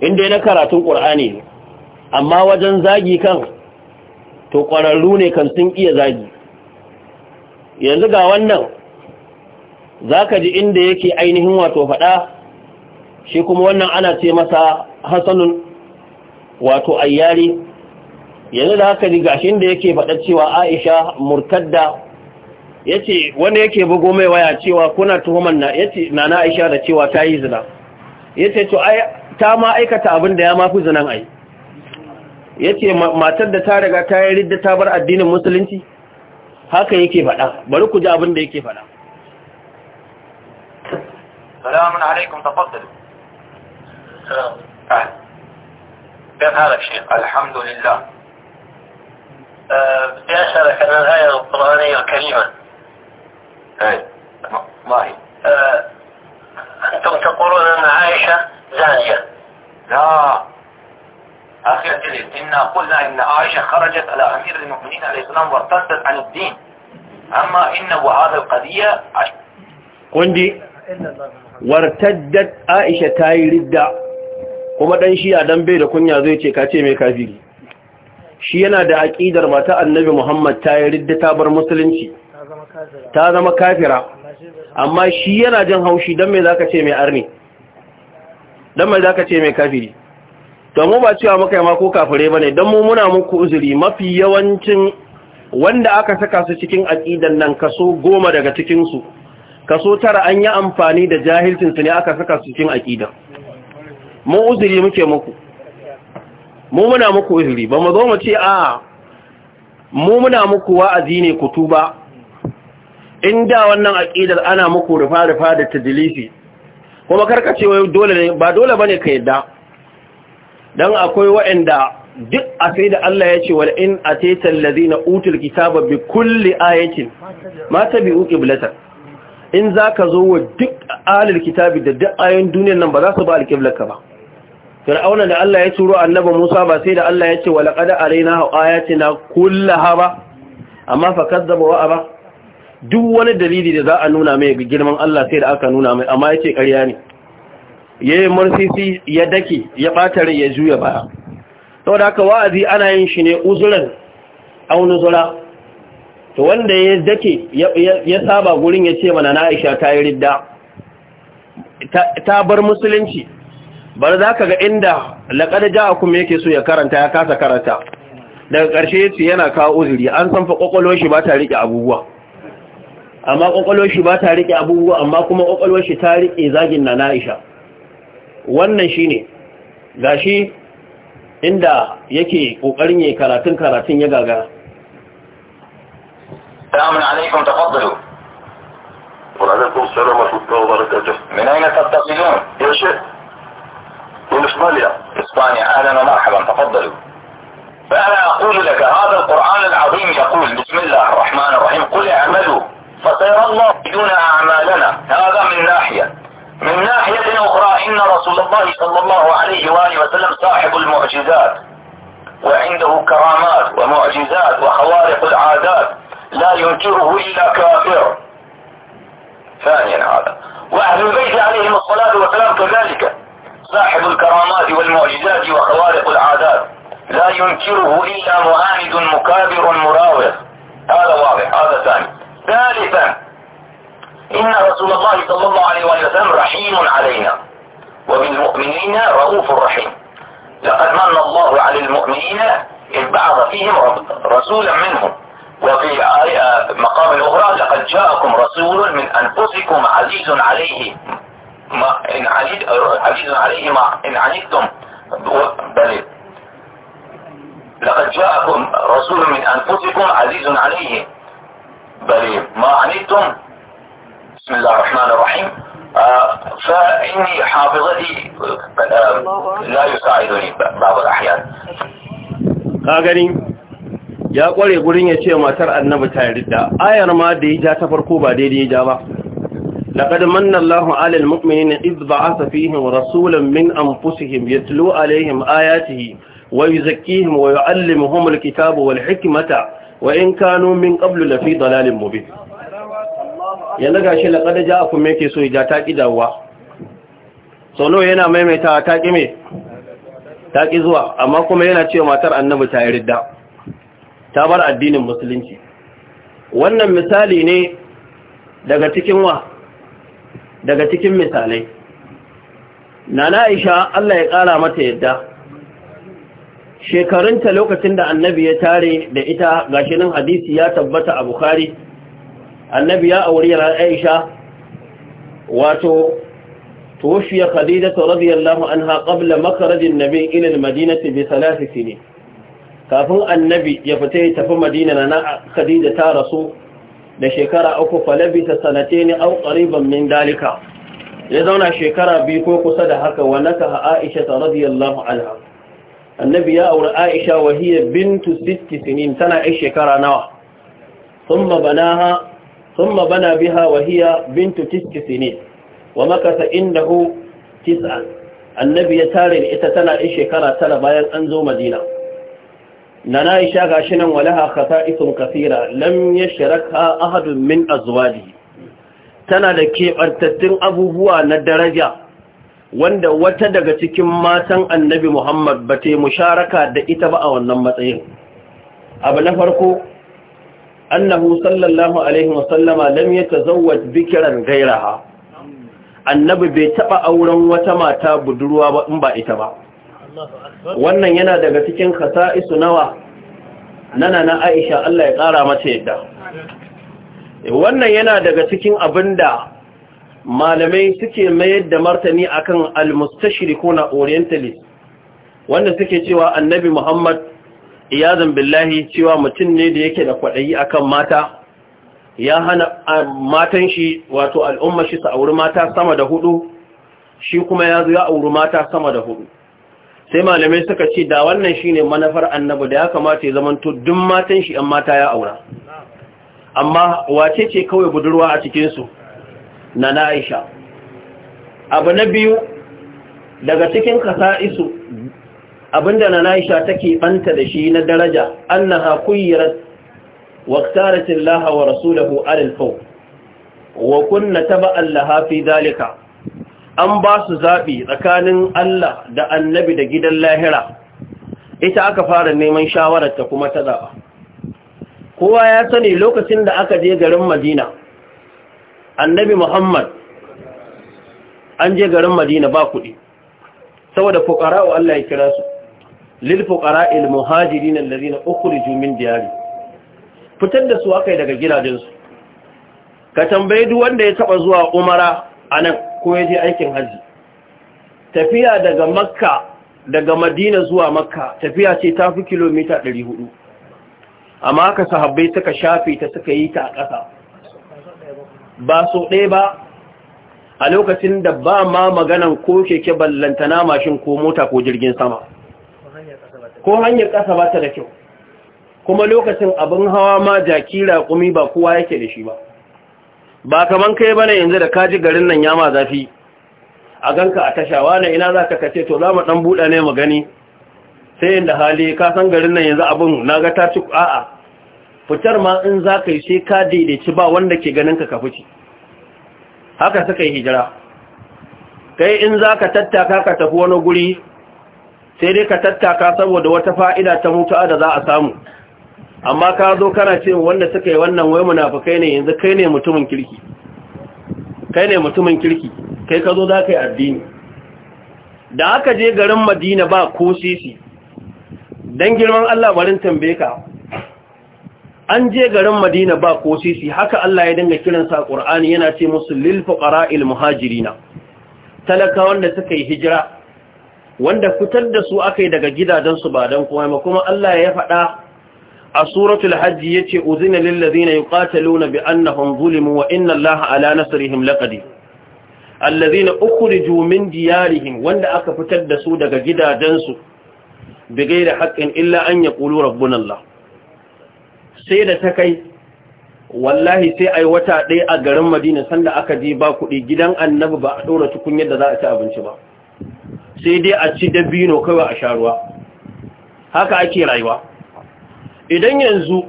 inda na karatun ƙur'ani ne amma wajen zagi kan to ƙwararru ne kan sun iya zagi yanzu ga wannan za ka ji inda yake ainihin wato faɗa shi kuma wannan ana ce masa hasanun wato ayyari yanzu da haka ji gashi inda yake faɗa cewa aisha murtadda ya ce wanda yake bugo mai waya cewa kuna tuhumar na ya ce na na aisha da cewa ta yi zina ya ce to ta ma aikata abin da ya mafi zinan ai yace matar da ta riga ta yi ridda ta bar addinin musulunci haka yake faɗa bari ku ji abin da yake faɗa salamun alaikum tafaddal كيف حالك شيخ الحمد لله بدي أسألك عن الآية القرآنية الكريمة أنتم تقولون أن عائشة زانية لا آخر الحديث إنا قلنا إن عائشة خرجت على أمير المؤمنين عليه السلام وارتدت عن الدين أما إن وهذا القضية قندي وارتدت عائشة تاي ردة kuma dan shi a dan bai da kunya zai ce ka ce mai kafiri shi yana da aqidar mata annabi Muhammad tayi ridda ta bar musulunci ta zama kafira amma shi yana jin haushi don mai zaka ce mai arni don mai zaka ce mai kafiri don mu ba cewa maka ma ko kafire ba ne don mu muna muku uzuri mafi yawancin wanda aka saka su cikin aƙidan nan kaso goma daga cikinsu kaso tara an yi amfani da jahilcinsu ne aka saka su cikin aƙidan mu uzuri muke muku mu muna muku uzuri ba mu zo mu ce a mu muna muku wa'azi ne ku tuba in da wannan aƙidar ana muku rufa-rufa da tajilifi kuma karkacewa dole ne ba dole bane ka yadda dan akwai waɗanda duk a sai da Allah ya ce wal in ataytal ladina utul kitaba bi kulli ayatin ma tabi'u qiblatan in zaka zo wa duk alil kitabi da duk ayoyin duniyar nan ba za su ba alqiblaka ba fir'auna da Allah ya turo annabi Musa ba sai da Allah ya ce wa laqad arayna ayatina kullaha ba amma fa kazzaba wa aba duk wani dalili da za a nuna mai girman Allah sai da aka nuna mai amma yake karya ne yi marsisi ya dake ya ɓata rai ya juya baya da haka wa'azi ana yin shi ne uzuran aw zura to wanda ya dake ya saba gurin ya ce mana Na'isha ta yi ridda ta bar musulunci bar za ka ga inda laƙar kuma yake so ya karanta ya kasa karanta daga ƙarshe ya yana kawo uzuri an san fa ƙwaƙwalo shi ba ta riƙe abubuwa amma kokolwar shi ba ta rike abubuwa amma kuma kokolwar shi ta rike zagin na Aisha wannan shine gashi inda yake kokarin yayin karatun karatun ya gagara Assalamu alaikum tafaddalu Wa alaikum assalam wa السلام ورحمة الله وبركاته من أين تتصلون؟ يا شيخ من إسبانيا إسبانيا أهلا ومرحبا تفضلوا فأنا أقول لك هذا القرآن العظيم يقول بسم الله الرحمن الرحيم قل اعملوا فسيرى الله دون أعمالنا هذا من ناحية من ناحية أخرى إن رسول الله صلى الله عليه وآله وسلم صاحب المعجزات وعنده كرامات ومعجزات وخوارق العادات لا ينكره إلا كافر ثانيا هذا وأهل البيت عليهم الصلاة والسلام كذلك صاحب الكرامات والمعجزات وخوارق العادات لا ينكره إلا معاند مكابر مراوغ هذا واضح هذا ثاني ثالثا إن رسول الله صلى الله عليه وسلم رحيم علينا وبالمؤمنين رؤوف رحيم لقد من الله على المؤمنين إذ بعث فيهم رسولا منهم وفي آية مقام أخرى لقد جاءكم رسول من أنفسكم عزيز عليه ما إن عزيز, عزيز عليه ما إن عنيتم بل لقد جاءكم رسول من أنفسكم عزيز عليه بلي ما عنيتم بسم الله الرحمن الرحيم آه، فإني حافظتي آه، لا يساعدني بعض الأحيان أغني ya kware gurin يا ce matar annabi ta yarda ayar ma da ya ja ta farko ba daidai ja لقد من الله على المؤمنين إذ بعث فيهم رسولا من أنفسهم يتلو عليهم آياته ويزكيهم ويعلمهم الكتاب والحكمة wa in kanu min qablu la fi dalalin mubin yanzu gashi laqad ja'akum me yake so ya ta kidawa solo yana maimaita ta ki me ta ki zuwa amma kuma yana cewa matar annabi ta yarda ta bar addinin musulunci wannan misali ne daga cikin wa daga cikin misalai nana Aisha Allah ya kara mata yadda shekarunta lokacin da annabi ya tare da ita gashinin hadisi ya tabbata a bukari annabi ya auri yana aisha wato toshiya khadidata radiyallahu anha qabla makarajin nabi ilil madinati bi salasi sini kafin annabi ya fita ya tafi madina na khadida ta rasu da shekara uku falabita sanate ne au qariban min dalika ya zauna shekara biyu ko kusa da haka wa nakaha aisha radiyallahu anha annabi ya aure aisha wa hiya bintu sitti sinin tana ai shekara nawa thumma banaha thumma bana biha wa hiya bintu tisti sinin wa makasa indahu tis'an annabi ya tare da ita tana ai shekara tara bayan an zo madina nana aisha gashi nan walaha khasa'ithun kathira lam yashraka ahadun min azwaji tana da keɓantattun abubuwa na daraja wanda wata daga cikin matan annabi Muhammad ba ta yi musharaka da ita ba a wannan matsayin. Abu na farko, annahu sallallahu Alaihi wasallama lam ya bikiran gairaha, annabi bai taɓa auren wata mata budurwa ba in ba ita ba. Wannan yana daga cikin isu nawa, nana na Aisha Allah ya ƙara mata yadda. Wannan yana daga cikin abin da malamai suke mayar da martani akan al na orientalist wanda suke cewa annabi Muhammad iyazan billahi cewa mutum ne da yake da kwaɗayi akan mata ya hana matan shi wato al'umma shi su auri mata sama da hudu shi kuma ya zo ya auri mata sama da hudu sai malamai suka ce da wannan shine manufar annabi da ya kamata ya zamanto duk matan shi 'yan mata ya aura amma wace ce kawai budurwa a cikinsu na na'isha abu na biyu daga cikin kasa'isu abinda na na'isha take banta da shi na daraja annaha kuyyirat waqtaratil laha wa rasuluhu alal wa kunna taba Allah fi dalika an ba su zabi tsakanin Allah da annabi da gidan lahira ita aka fara neman shawarar ta kuma ta zaba kowa ya sani lokacin da aka je garin Madina annabi muhammad an je garin madina ba kuɗi saboda fukara wa Allah ya kira su lil fukara al muhajirin alladhina ukhriju min diyari fitar da su akai daga gidajensu ka tambaye duk wanda ya taba zuwa umara anan ko ya je aikin haji tafiya daga makka daga madina zuwa makka tafiya ce tafi fi kilomita 400 amma aka sahabbai suka shafe ta suka yi ta a ƙasa ba so ɗaya ba a lokacin da ba ma maganan ko keke ballantana mashin ko mota ko jirgin sama ko hanyar ƙasa ba ta da kyau kuma lokacin abin hawa ma jaki raƙumi ba kowa yake da shi ba ba kaman kai bane yanzu da kaji garin nan yama zafi a ganka a tashawa na ina za ka kace to za mu ɗan buɗa ne magani? sai inda hali ka san garin nan yanzu abin na ga ta ci a'a fitar ma in za ka yi sai ka daidaici ba wanda ke ganin ka kafuci haka suka yi hijira kai in za ka tattaka ka tafi wani guri sai dai ka tattaka saboda wata fa'ida ta mutuwa da za a samu amma ka zo kana ce wanda suka yi wannan wai munafukai ne yanzu kai ne mutumin kirki kai ne mutumin kirki kai ka zo za ka yi addini da aka je garin madina ba ko sisi don girman allah barin tambaye ka an je garin madina ba ko sisi haka Allah ya dinga kiransa a ƙur'ani yana ce musu lil fuqara'il muhajirina talaka wanda suka yi hijira wanda fitar da su aka yi daga gidajensu ba don kuma kuma Allah ya faɗa a suratul hajji yace uzina lil ladina yuqataluna bi annahum zulimu wa inna Allaha ala nasrihim laqadir alladhina ukhriju min diyarihim wanda aka fitar da su daga gidajensu bi ghairi haqqin illa an yaqulu rabbuna Allah sai da ta kai wallahi sai ai wata ɗaya a garin madina sanda aka je ba kuɗi gidan annabi ba a ɗora tukun yadda za a ci abinci ba sai dai a ci dabino kawai a sha ruwa haka ake rayuwa idan yanzu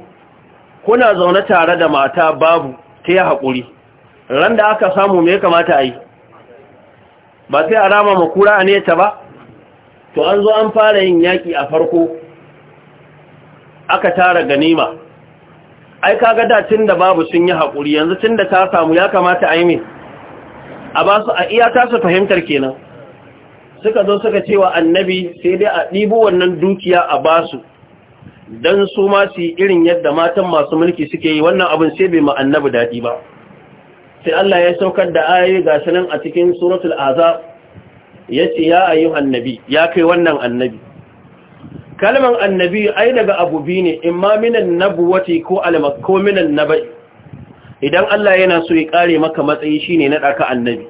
kuna zaune tare da mata babu ta yi haƙuri ran da aka samu me kamata a yi ba sai a rama makura a neta ba to an zo an fara yin yaƙi a farko aka tara ganima ai kaga da tun da babu sun yi haƙuri yanzu tun da ta samu ya kamata a yi mai a ba su a iya ta su fahimtar kenan suka zo suka cewa annabi sai dai a ɗibo wannan dukiya a ba su don su ma su yi irin yadda matan masu mulki suke yi wannan abin sai bai ma annabi daɗi ba sai Allah ya saukar da ayoyi ga sanan a cikin suratul azab ce ya ayyuhan nabi ya kai wannan annabi kalman annabi ai daga abu bi ne imma minan nabuwati ko almakko minan nabai idan Allah yana so ya kare maka matsayi shine na daka annabi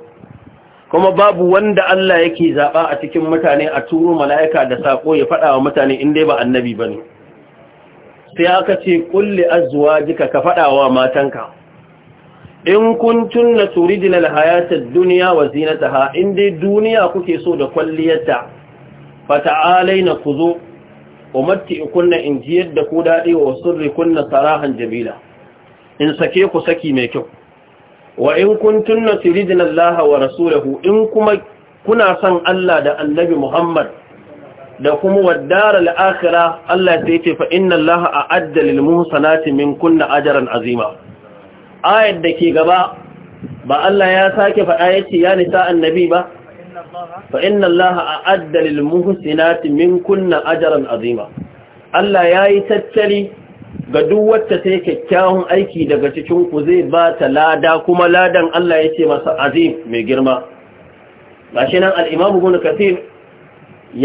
kuma babu wanda Allah yake zaba a cikin mutane a turo mala'ika da sako ya fada wa mutane in dai ba annabi bane sai aka ce kulli azwajika ka fada wa matanka in kuntunna turidina alhayata ad-dunya wa zinataha in dai duniya kuke so da kwalliyarta fata'alaina kuzo umatti kunna in ji yadda ku daɗi wa sirri kunna sarahan jamila in sake ku saki mai kyau wa in kuntunna turidna Allah wa rasulahu in kuma kuna son Allah da annabi Muhammad da kuma waddar al Allah sai ce fa inna Allah a lil muhsanati min kunna ajaran azima ayat da ke gaba ba Allah ya sake faɗa ce ya nisa annabi ba fa inna Allah a'adda lil muhsinati minkunna ajran azima Allah yayi tattali ga duk wacce ta yi kyakkyawan aiki daga cikin ku zai ba ta lada kuma ladan Allah ya ce masa azim mai girma gashi nan al-Imam Ibn Kathir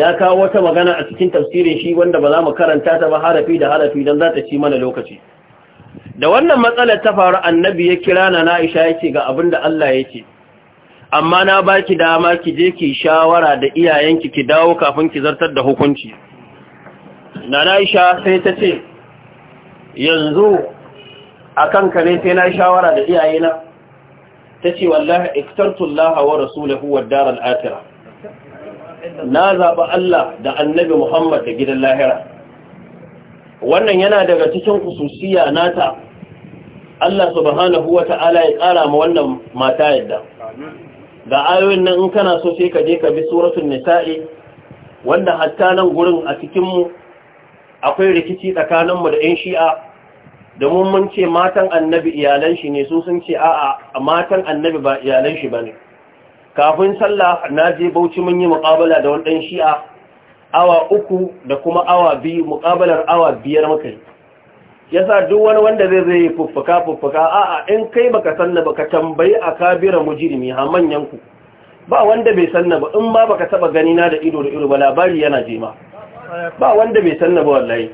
ya kawo wata magana a cikin tafsirin shi wanda ba za mu karanta ta ba harafi da harafi don za ta ci mana lokaci da wannan matsalar ta faru annabi ya kira na Aisha yake ga abin da Allah ya ce. amma na baki dama ki je ki shawara da iyayenki ki dawo kafin ki zartar da hukunci Na Aisha sai ta ce yanzu akan kare sai na shawara da iyayena ce wallahi iktartu Allah wa rasu da dar al na zaɓi Allah da annabi Muhammad da gidan lahira wannan yana daga cikin kususiya nata Allah subhanahu wa ta'ala ya ƙara ma wannan mata yadda ga ayoyin nan in kana so sai ka je ka bi suratul nisa'i wanda hatta nan gurin a cikin mu akwai rikici tsakanin mu da ɗan shi'a Da mun ce matan annabi iyalan shi ne su sun ce a'a matan annabi ba iyalan shi bane kafin sallah na je bauchi mun yi muqabala da wani ɗan shi'a awa uku da kuma awa biyu muqabalar awa biyar muka yi yasa duk wani wanda zai zai fuffuka fuffuka a'a in kai baka sanna baka tambayi a kabira mujirimi ha manyan ku ba wanda bai sanna ba in ma baka taba gani na da ido da ido ba labari yana je ma ba wanda bai sanna ba wallahi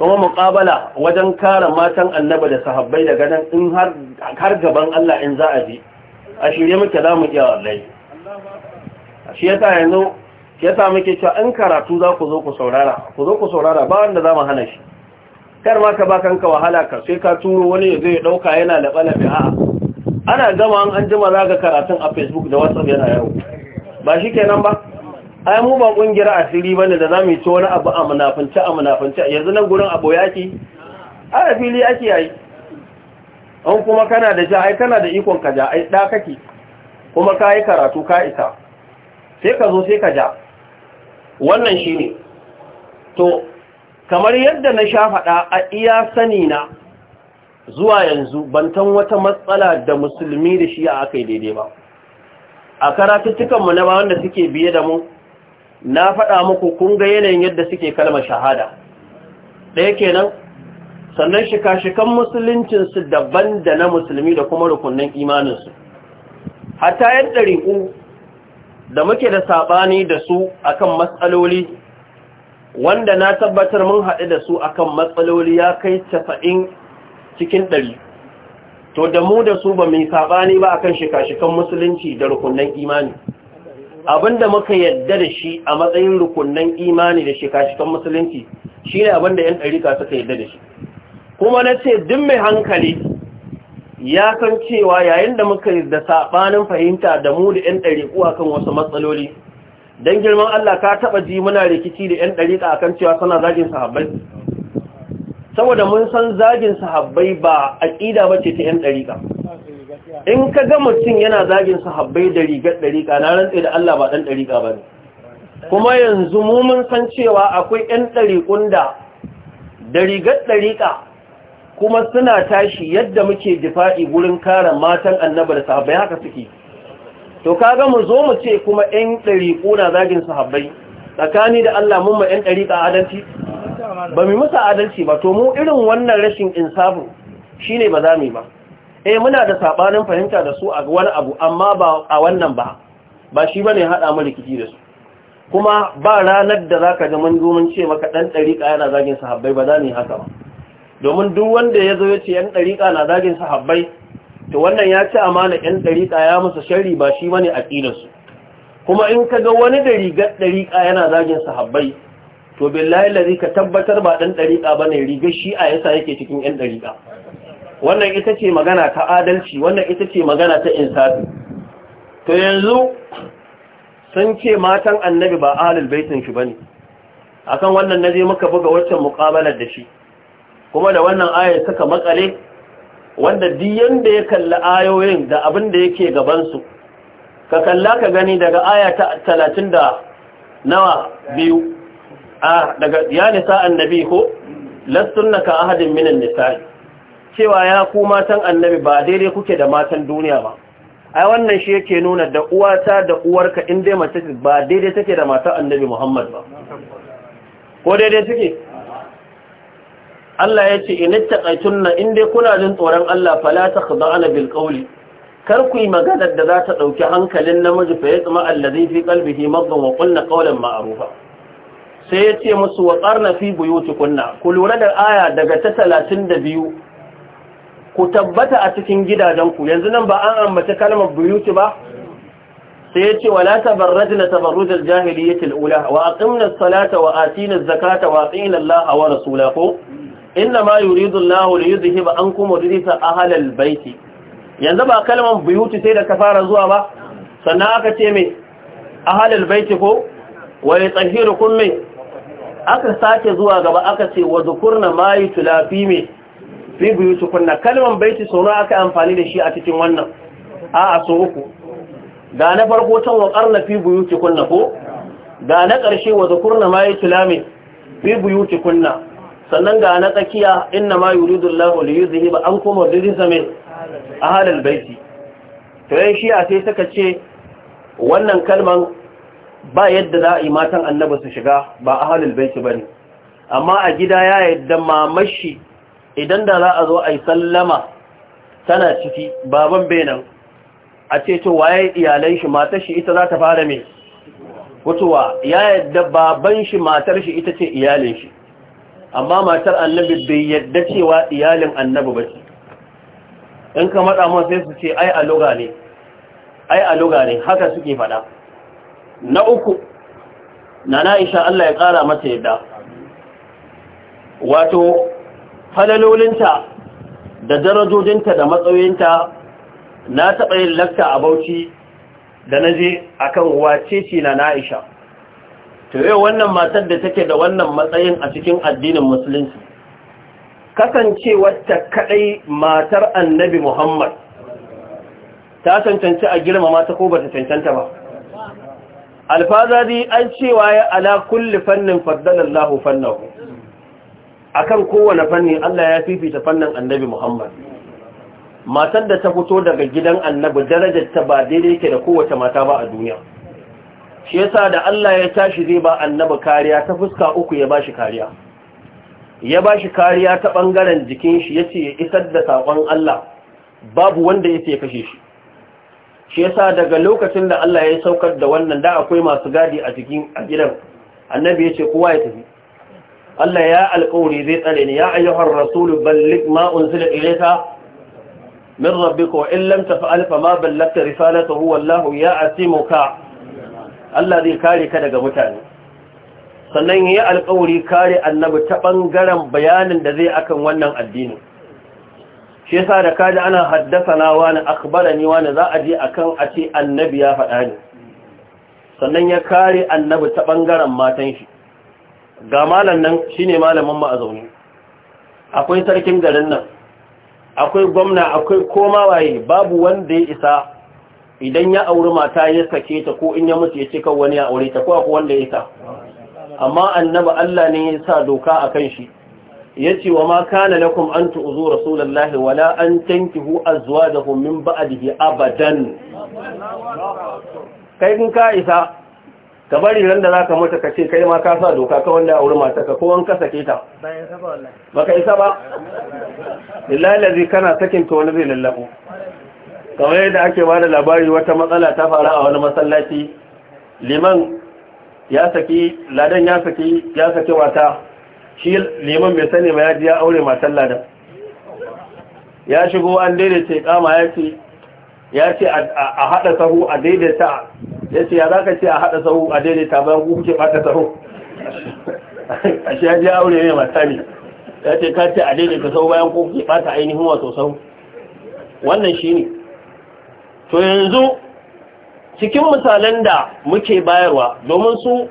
kuma muqabala wajen kare matan annaba da sahabbai daga nan in har har gaban Allah in za a je a shirye muke za mu iya wallahi shi yasa yanzu yasa muke cewa in karatu za ku zo ku saurara ku zo ku saurara ba wanda za mu hana shi kar ma ka ba kanka wahala ka sai ka turo wani ya zai dauka yana da balabi a ana gama an jima za ka karatun a facebook da whatsapp yana yau ba shi kenan ba ai mu ba kungiyar asiri bane da zamu ci wani abu a munafunci a munafunci yanzu nan gurin abu yaki a fili ake yi an kuma kana da ja ai kana da ikon ka ja ai da kake kuma ka karatu ka isa sai ka zo sai ka ja wannan shine to kamar yadda na sha faɗa a iya sani na zuwa yanzu bantan wata matsala da musulmi da shi a aka yi daidai ba a mu na ba da suke biye da mu na faɗa muku kun ga yanayin yadda suke kalmar shahada ɗaya kenan sannan shika-shikan musuluncinsu daban da na musulmi da kuma rukunin imaninsu hatta yadda riƙu da muke da saɓani da su akan matsaloli wanda na tabbatar mun haɗu da su akan matsaloli ya kai casa'in cikin ɗari to da mu da su ba mai saɓani ba akan shika-shikan musulunci da rukunan imani abinda muka yadda da shi a matsayin rukunan imani da shika-shikan musulunci shi ne abinda 'yan ɗarika suka yadda da shi kuma na ce duk mai hankali ya san cewa yayin da muka da saɓanin fahimta da mu da 'yan ɗariku akan wasu matsaloli dan girman Allah ka taɓa ji muna rikici da ƴan dariƙa kan cewa suna zagin sahabbai saboda mun san zagin sahabbai ba a ƙida mace ta 'yan dariƙa in ka ga mutum yana zagin sahabbai da rigar dariƙa na rantse da Allah ba dan dariƙa ne. kuma yanzu mu mun san cewa akwai 'yan dariƙun da da rigar dariƙa kuma suna tashi yadda muke difa'i gurin kare matan annabar sahabbai haka suke to kaga mu zo mu ce kuma ɗan ɗariƙo na zagin sahabbai tsakani da Allah mun ma ɗan ɗariƙa adalci ba mu musa adalci ba to mu irin wannan rashin insabu shine ba za mu ba eh muna da sabanin fahimta da su a wani abu amma ba a wannan ba ba shi bane hada mu rikici da su kuma ba ranar da zaka ga mun domin ce maka ɗan ɗariƙa yana zagin sahabbai ba za mu yi haka ba domin duk wanda ya zo ya ce ɗan ɗariƙa na zagin sahabbai to wannan ya ci amana yan dariƙa ya masa sharri ba shi wani a su kuma in ka ga wani da rigar dariƙa yana zagin sahabbai to billahi lazi ka tabbatar ba dan dariƙa ne rigar a yasa yake cikin yan dariƙa wannan ita ce magana ta adalci wannan ita ce magana ta insafi to yanzu sun ce matan annabi ba ahlul baitin shi bane akan wannan na je muka buga waccan muqabalar da shi kuma da wannan ayar suka matsale. wanda diyan da ya kalli ayoyin da abin da yake gabansu ka kalla ka gani daga aya ta talatin da nawa biyu a daga ya nisa annabi ko lastunna ka ahadin minan nisa'i cewa ya ku matan annabi ba daidai kuke da matan duniya ba ai wannan shi yake nuna da uwata da uwarka in dai mace ba daidai take da matan annabi Muhammad ba ko daidai take Allah ya ce in taqaytunna in dai kuna jin tsoron Allah fala takhda'ana bil qawli kar ku yi maganar da za ta ɗauki hankalin namiji fa yatma alladhi fi qalbihi madun wa qulna qawlan ma'rufa sai ya ce musu wa qarna fi buyutikunna ku lura da aya daga ta 32 ku tabbata a cikin gidajenku yanzu nan ba an ambata kalmar buyuti ba sai ya ce wa la tabarrajna tabarruj al-jahiliyyah al-ula wa aqimna as-salata wa atina az-zakata wa atina Allah wa rasulahu inna ma yuridu Allahu li yuzhiba ankum rijsa ahli al-bait yanzu ba kalman buyuti sai da kafara zuwa ba sannan aka ce me ahli al-bait ko wa yatahhirukum me aka sake zuwa gaba aka ce wa zukurna ma yutlafi me fi kunna. kalman bayti sono aka amfani da shi a cikin wannan a'a so uku da na farko can wa qarna fi kunna, ko da na ƙarshe wa zukurna ma yutlami fi kunna? sannan ga na tsakiya inna ma yuridu Allahu li ba an kuma rijsa min a halin baiti to shi a sai suka ce wannan kalman ba yadda za a yi matan annabi su shiga ba a halin baiti ne. amma a gida ya yadda mamashi idan da za a zo a yi sallama tana ciki baban benin a ce to waye iyalai shi matar shi ita za ta fara mai mutuwa ya yadda baban shi matar shi ita ce iyalin shi amma matar annabi bai yadda cewa iyalin annabi ba ce in ka matsa mun sai su ce ai a loga ne ai a loga ne haka suke faɗa na uku na na'isha Allah ya ƙara mata yadda wato falalolinta da darajojinta da matsayinta na taɓa yin lakta a bauchi da na je akan wace ce na na'isha tare wannan matar da take da wannan matsayin a cikin addinin musulunci kasancewarta kadai matar annabi muhammad ta cancanci a girmama ta ko ba ta cancanta ba alfazari an cewa ya ala kulli fannin faddalallahu fannahu akan kowane fanni Allah ya fifita fannin annabi muhammad matar da ta fito daga gidan annabi darajar ta ba daidai ke da kowace mata ba a duniya shi yasa da Allah ya tashi zai ba annabi kariya ta fuska uku ya bashi kariya ya bashi kariya ta bangaren jikin shi yace ya isar da sakon Allah babu wanda yace ya kashe shi shi yasa daga lokacin da Allah ya saukar da wannan da akwai masu gadi a cikin a gidan annabi yace kowa ya tafi Allah ya alƙawari zai tsare ni ya ayyuhar rasulu balligh ma unzila ilayka min rabbika wa in lam taf'al fa ma ballagta risalatahu wallahu ya'timuka Allah zai kare ka daga mutane sannan yi alƙawari kare annabi ta ɓangaren bayanin da zai akan wannan addini shi yasa da kaji ana haddasa na wani akbara ni wani za a je akan a ce annabi ya faɗa ne sannan ya kare annabi ta ɓangaren matan shi ga malam nan shine malamin mu a zaune akwai sarkin garin nan akwai gwamna akwai koma waye babu wanda ya isa idan ya auri mata ya sake ta ko in ya mutu ya ce kan wani ya aure ta ko akwai wanda ya ta amma annaba Allah ne ya sa doka akan shi yace wa ma kana lakum an tu'zu rasulullahi wala an tankihu azwajahum min ba'dihi abadan kai kun ka isa ka bari ran da zaka mutu ka ce kai ma ka sa doka ka wanda ya aure mata ka ko an ka sake ta baka isa ba lillahi kana sakin to wani zai lallabo kawai yadda ake ba da labari wata matsala ta faru a wani masallaci liman ya saki ladan ya saki ya saki wata shi liman bai sani ba ya ji ya aure matan ladan ya shigo an daidaita kama ya ce ya ce a haɗa sahu a daidaita ya ce ya za ka ce a haɗa sahu a daidaita bayan ku kuke ɓata sahu a shi ya ji ya aure mai mata ne ya ce ka ce a daidaita sahu bayan ku kuke ɓata ainihin wato sahu wannan shi ne to yanzu cikin misalan da muke bayarwa domin su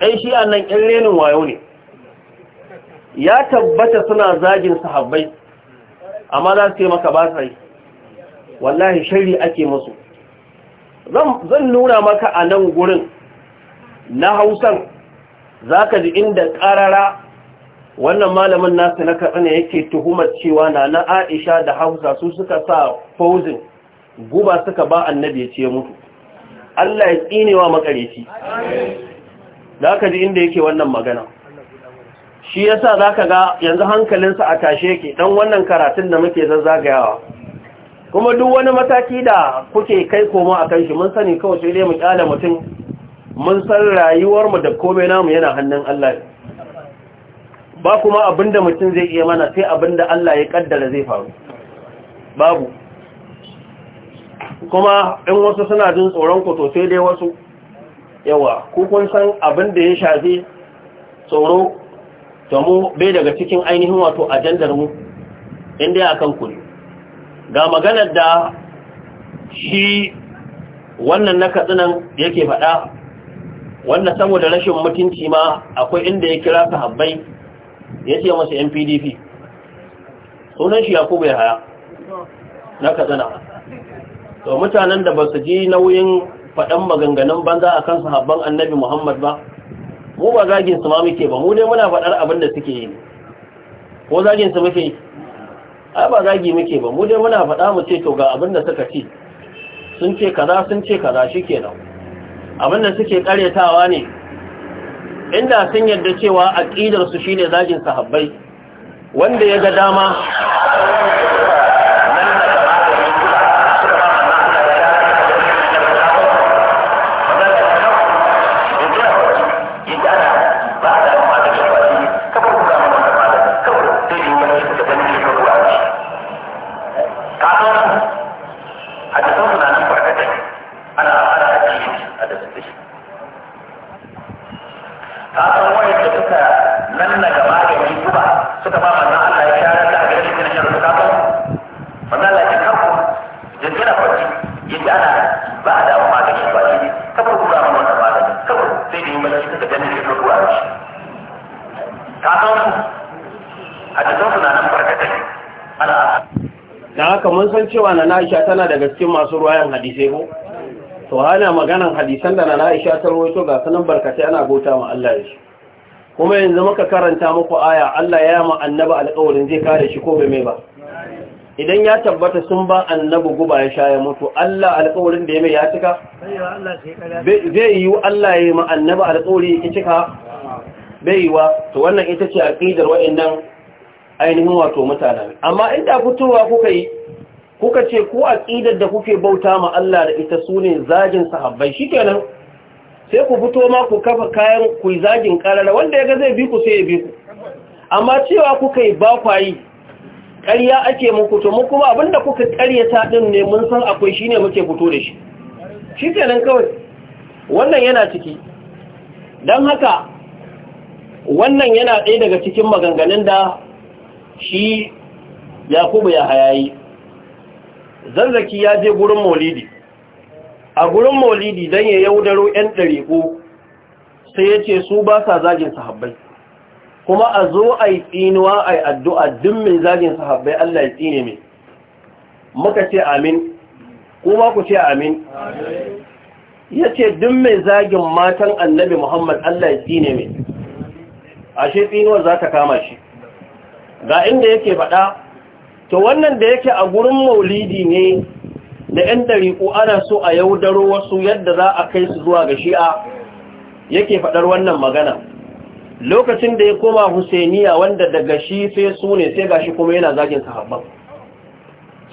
ɗan shi nan ƙin renin wayo ne ya tabbata suna zagin sahabbai amma za su yi maka ba sai wallahi shari ake musu zan nuna maka a nan gurin na hausan za ka ji inda ƙarara wannan malamin nasu na katsina yake tuhumar cewa na na aisha da hausa su suka sa fauzin guba suka ba annabi ya ce mutu Allah ya tsinewa makareci da aka ji inda yake wannan magana shi yasa ka ga yanzu hankalinsa a tashe ke, don wannan karatun da muke zazzagayawa kuma duk wani mataki da kuke kai koma a kan shi mun sani kawai sai dai mu kyala mutum mun san rayuwar da komai namu yana hannun Allah ba kuma abinda mutum zai iya mana sai abinda Allah ya kaddara zai faru babu kuma in wasu suna jin tsoron ku to sai dai wasu yawa ku kun san abin da ya shafi tsoro to mu bai daga cikin ainihin wato ajandar mu inda akan ku ne ga maganar da shi wannan na katsinan yake faɗa wanda saboda rashin mutunci ma akwai inda ya kira ka habbai ya ce masa npdp sunan shi yakubu yahaya haya na katsina to mutanen da ba su ji nauyin faɗan maganganun banza a kan sahabban annabi Muhammad ba, mu ba zagin su ma muke ba, mu dai muna faɗar abin da suke yi. Ko zagin su muke? Ai ba zagi muke ba, mu dai muna faɗa mu ce to ga abin da suka ci. Sun ce kaza sun ce kaza shi kenan. Abin da suke ƙaryatawa ne, inda sun yarda cewa aƙidarsu su shine zagin sahabbai, wanda ya ga dama Aisha tana daga cikin masu ruwayan hadisai ko to hana maganan hadisan da na Aisha ta ruwaito ga sanan barkatai ana gota ma Allah ya shi kuma yanzu muka karanta muku aya Allah ya ma annabi alƙawarin zai kare shi ko bai mai ba idan ya tabbata sun ba annabi guba ya sha ya mutu Allah alƙawarin da ya mai ya cika zai yi Allah ya ma annabi alƙawari ya cika bai yi wa to wannan ita ce aqidar wa'annan ainihin wato mutane amma inda fitowa kuka yi kuka ce ku a tsidar da kuke bauta ma Allah da ita sune zagin sahabbai shikenan sai ku fito ma ku kafa kayan ku zagin karara wanda ya ga zai bi ku sai ya bi ku amma cewa kuka yi bakwayi ƙarya ake muku to mu kuma abinda kuka ta din ne mun san akwai shine muke fito da shi shikenan kawai wannan yana ciki dan haka wannan yana ɗaya daga cikin maganganun da shi Yakubu ya hayayi zanzaki ya je gurin maulidi a gurin maulidi don ya yaudaro 'yan ɗariƙo sai ya ce su ba sa zagin sahabbai kuma a zo a yi tsinuwa a yi addu'a dimmin zagin sahabbai Allah ya tsine mai muka ce amin kuma ku ce amin ya ce mai zagin matan annabi Muhammad Allah ya tsine mai ashe tsinuwar za ta kama shi ga inda yake faɗa to wannan da yake a gurin maulidi ne da 'yan ɗariƙu ana so a yaudaro wasu yadda za a kai su zuwa ga shi'a yake faɗar wannan magana lokacin da ya koma Husainiya wanda daga shi sai su ne sai gashi kuma yana zagin sahabban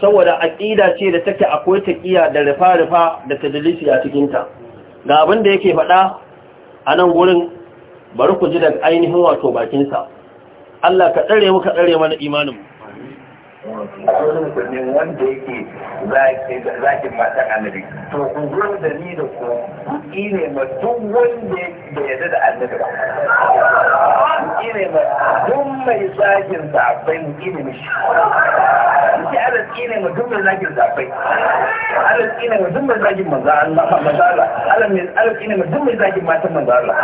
saboda aƙida ce da take akwai taƙiya da rufa-rufa da dalisi a cikinta ga abin da yake faɗa a nan wurin, bari ku ji daga ainihin wato bakinsa Allah ka tsare mu ka tsare mana imaninmu a wani musulmi wanda yake zakin matan annabi to ku zo da ni da ku kuki ne ma duk wanda da yadda da annabi ba kuki ne ma duk mai zakin sabai kuki ne mishi kuki arziki ne ma duk mai zakin sabai arziki ne ma duk mai zakin maza Allah manzo Allah arziki ne ma duk mai zakin matan maza Allah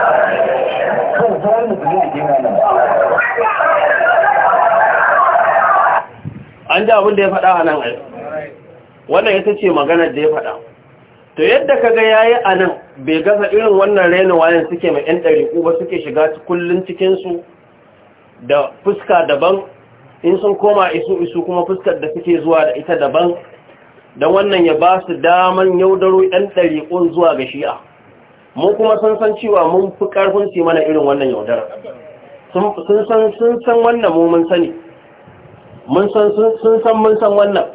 to ko wani musulmi ne ke nan an ji abin da ya faɗa a nan ai wannan ita ce maganar da ya faɗa to yadda ka kaga yayi a nan bai gasa irin wannan raina wayan suke mai yan ɗariƙu ba suke shiga kullum cikinsu da fuska daban in sun koma isu isu kuma fuskar da suke zuwa da ita daban don wannan ya ba su daman yaudaro yan ɗariƙun zuwa ga shi'a mun kuma sun san cewa mun fi ƙarfin su mana irin wannan yaudara sun san wannan mu mun sani mun san sun san mun san wannan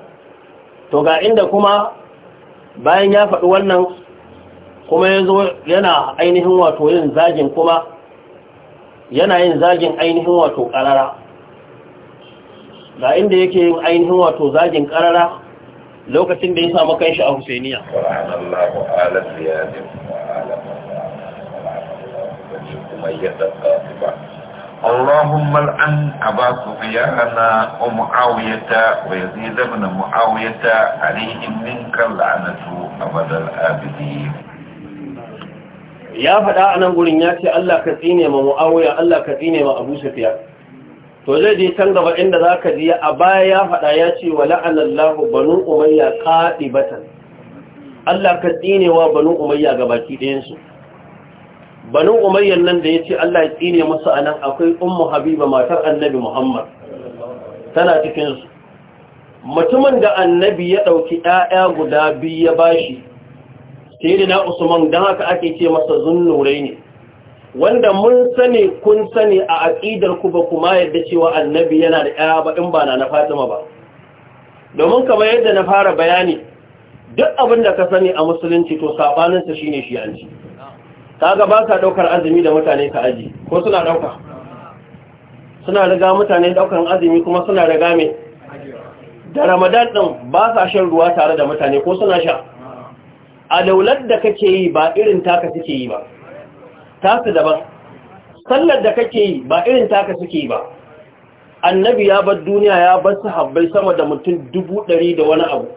to ga inda kuma bayan ya faɗi wannan kuma ya zo yana ainihin wato yin zagin kuma yana yin zagin ainihin wato ƙarara ga inda yake yin ainihin wato zagin ƙarara lokacin da ya samu kanshi a Husainiya kuma ya tsaka ba اللهم العن أبا سفيان ومعاوية ويزيد بن معاوية عليهم منك اللعنة أبد الآبدين ya faɗa a nan gurin ya ce Allah ka tsine ma mu'awiya Allah ka tsine to zai je can gaba inda za ka ji a baya ya faɗa ya ce wa la'anallahu banu umayya batan?" Allah ka tsine wa banu umayya gabaki ɗayansu banu umayyan nan da ya ce Allah ya tsine musu anan akwai ummu habiba matar annabi muhammad tana cikinsu mutumin da annabi ya ɗauki ‘ya'ya guda biyu ya bashi sai na usman don haka ake ce masa zunnurai ne wanda mun sani kun sani a aƙidar ku ba kuma yadda cewa annabi yana da ɗaya ba in ba na fatima ba domin kamar yadda na fara bayani duk abin da ka sani a musulunci to saɓaninsa shine shi'anci kaga ba sa daukar azumi da mutane ka aji ko suna dauka suna riga mutane daukan azumi kuma suna riga me da ramadan din ba sa shan ruwa tare da mutane ko suna sha a daular da kake yi ba irin taka suke yi ba tasu daban sallar da kake yi ba irin taka suke yi ba annabi ya bar duniya ya bar sahabbai sama da mutum dubu ɗari da wani abu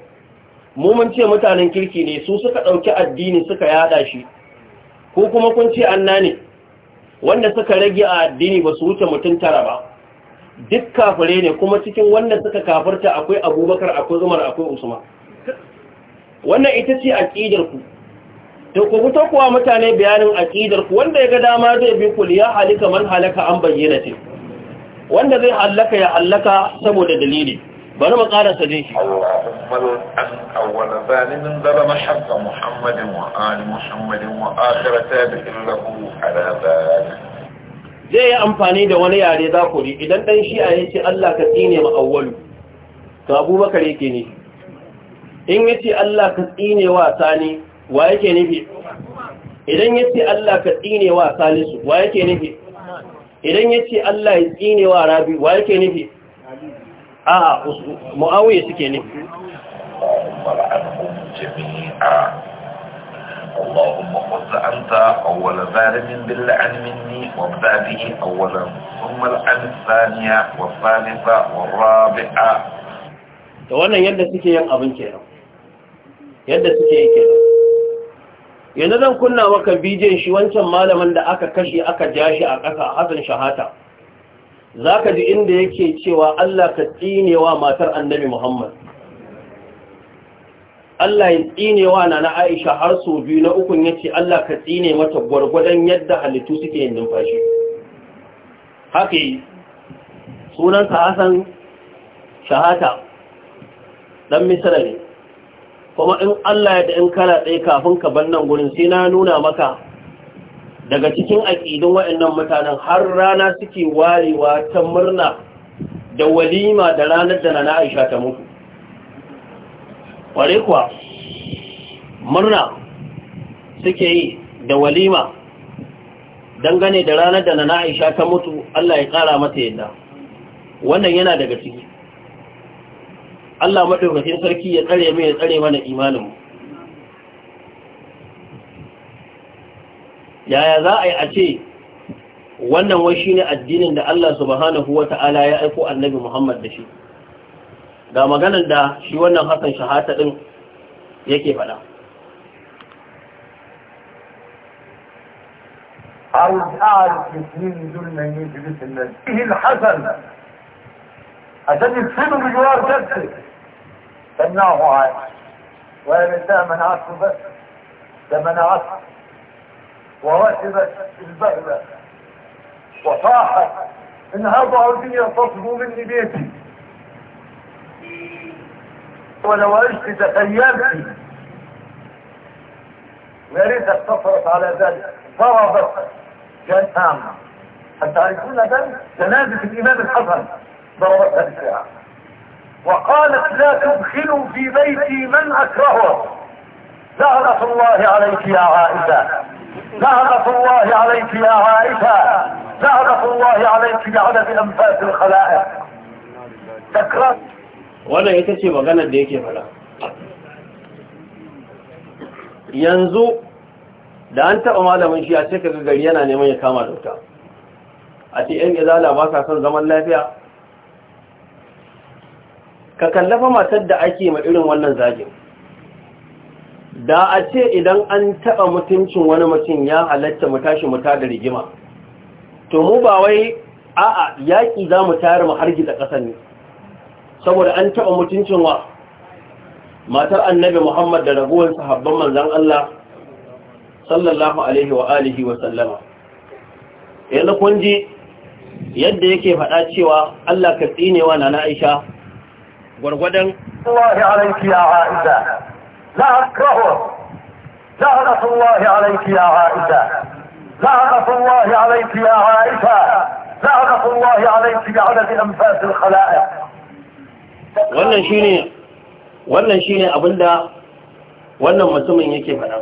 mu mun ce mutanen kirki ne su suka ɗauki addini suka yada shi ko kuma kun ce anna ne wanda suka rage a addini ba su wuce mutum tara ba duk kafire ne kuma cikin wanda suka kafarta akwai abubakar akwai zumar akwai usman wannan ita ce aƙidar ku da ku fito kuwa mutane bayanin aƙidarku wanda ya ga dama zai bi ku ya halika man halaka an bayyana ce wanda zai hallaka ya hallaka saboda dalili bari mu karasa jin shi Allahumma an awwala zalimin zalama haqqa Muhammadin wa ali Muhammadin wa akhirata bi illahu ala zalik zai yi amfani da wani yare za ku ji idan dan shi'a ya ce Allah ka tsine ma awwalu to Abubakar yake ne in ya ce Allah ka tsine wa sani wa yake nufi idan ya ce Allah ka tsine wa salisu wa yake nufi idan ya ce Allah ya tsine wa rabi wa yake nufi a mu'awiya suke ne اللهم خذ أنت أول ظالم باللعن مني وابدأ أولا ثم الآن الثانية والثالثة والرابعة da wannan yadda suke yin abin kenan yadda suke yi kenan yanzu zan kunna maka bidiyon shi wancan malaman da aka kashe aka jashi a ƙasa hasan shahata za ka ji inda yake cewa Allah ka tsinewa matar annabi Muhammad. Allah ya tsinewa wa na Aisha har sau biyu na ukun ya ce Allah ka tsine mata gwargwadon yadda halittu suke yin numfashi. Haka yi, sunansa Hassan Shahata, ɗan Misira ne, kuma in Allah ya da in kana tsaye kafin ka ban nan gurin sai na nuna maka daga cikin aƙidun waɗannan mutanen har rana suke warewa ta murna da walima da ranar da na aisha ta mutu ƙware kuwa murna suke yi da walima dangane da ranar da nana aisha ta mutu Allah ya ƙara mata yadda wannan yana daga ciki Allah maɗaukacin sarki ya tsare mai ya tsare mana imaninmu yaya za a yi a ce wannan wai shi ne addinin da Allah subhanahu wa ta'ala ya aiko annabi Muhammad da shi ga maganar da shi wannan hakan shahata ɗin yake faɗa أو تعرف اثنين من يجلس الناس إيه الحسن عشان يفسدوا بجوار جدك تمنعه عايش ولا ده منعته بس ده منعته ورهبت البهلة وصاحت ان هذا عودي ينتصبوا مني بيتي ولو عشت تخيلت يا ريت اقتصرت على ذلك ضربت جنام هل تعرفون ذلك جنازة الامام الحسن ضربتها بالساعة وقالت لا تدخلوا في بيتي من اكرهه لعنة الله عليك يا عائشة لعنة الله عليك يا عائشة لعنة الله عليك لعنة أنفاس الخلائق تكرر wannan ita ce maganar da yake yanzu da an taɓa malamin shi a ce ga gari yana neman ya kama da a ce ‘yan izala ba sa son zaman lafiya ka kallafa matar da ake ma irin wannan zagin da a ce idan an taɓa mutuncin wani mutum ya halatta mu tashi mu tada rigima to mu ba wai a'a yaƙi za mu tayar mu hargitsa ƙasar ne saboda an taɓa mutuncin wa matar annabi muhammad da raguwar sahabban manzan Allah sallallahu alaihi wa alihi wa sallama yanzu kun ji yadda yake faɗa cewa Allah ka tsinewa na Aisha gwargwadon Allah ya ya لا أكرهه لعنة الله عليك يا عائشة لعنة الله عليك يا عائشة لعنة الله عليك بعدد أنفاس الخلائق wannan shine wannan shine abinda wannan mutumin yake faɗa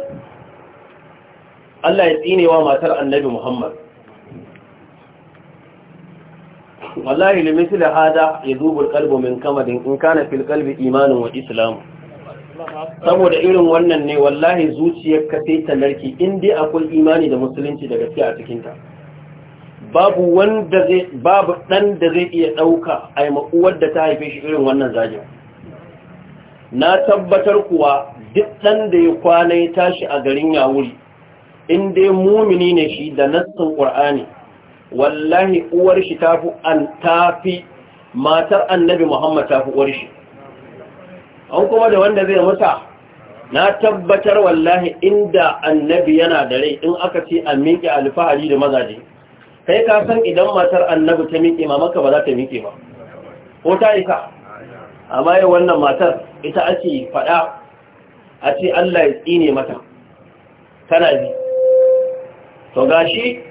Allah ya tsinewa matar Annabi Muhammad wallahi limithli hada yadubul qalbu min kamadin in kana fil qalbi imanun wa islamun saboda irin wannan ne wallahi zuciyar ka sai ta narki in dai akwai imani da musulunci da gaske a cikinta. babu wanda zai babu dan da zai iya dauka ai uwar da ta haife shi irin wannan zaje na tabbatar kuwa duk dan da ya kwana ya tashi a garin yawuri in dai mumini ne shi da nassin qur'ani wallahi uwar shi tafi an tafi matar annabi muhammad tafi uwar shi an kuma da wanda zai wuta, na tabbatar wallahi inda annabi yana da rai in aka ce a miƙe alfahari da mazaje kai ka san idan matar annabi ta miƙe ma maka ba za ta miƙe ba ko ta isa amma yau wannan matar ita ake faɗa a ce Allah ya tsine mata tana bi to gashi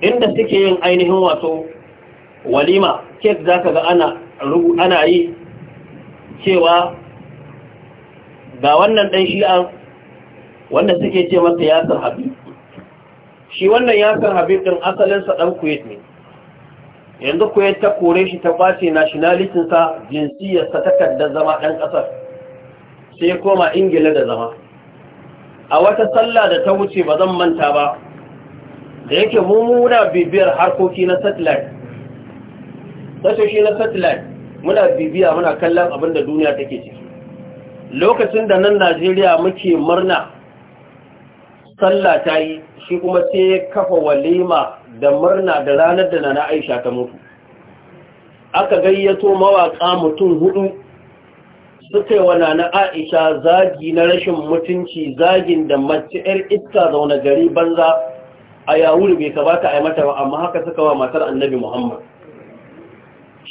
inda suke yin ainihin wato walima kek zaka ga ana yi cewa ga wannan ɗan shi'an wanda suke ce masa yasir habib shi wannan yasir habib ɗin asalinsa ɗan kuwait ne yanzu kuwait ta kore shi ta kwace nationalitinsa jinsiyarsa takardar zama ɗan ƙasar sai ya koma ingila da zama a wata sallah da ta wuce ba zan manta ba da yake mummuna bibiyar harkoki na satellite na satellite muna bibiya muna kallon abin da duniya take ciki lokacin da nan najeriya muke murna sallah ta yi shi kuma sai kafa walima da murna da ranar da nana aisha ta mutu aka gayyato mawaƙa mutum hudu suka yi wa nana aisha zagi na rashin mutunci zagin da mace 'yar ita zaune gari banza a yawuri bai kamata a yi mata ba amma haka suka wa matar annabi muhammad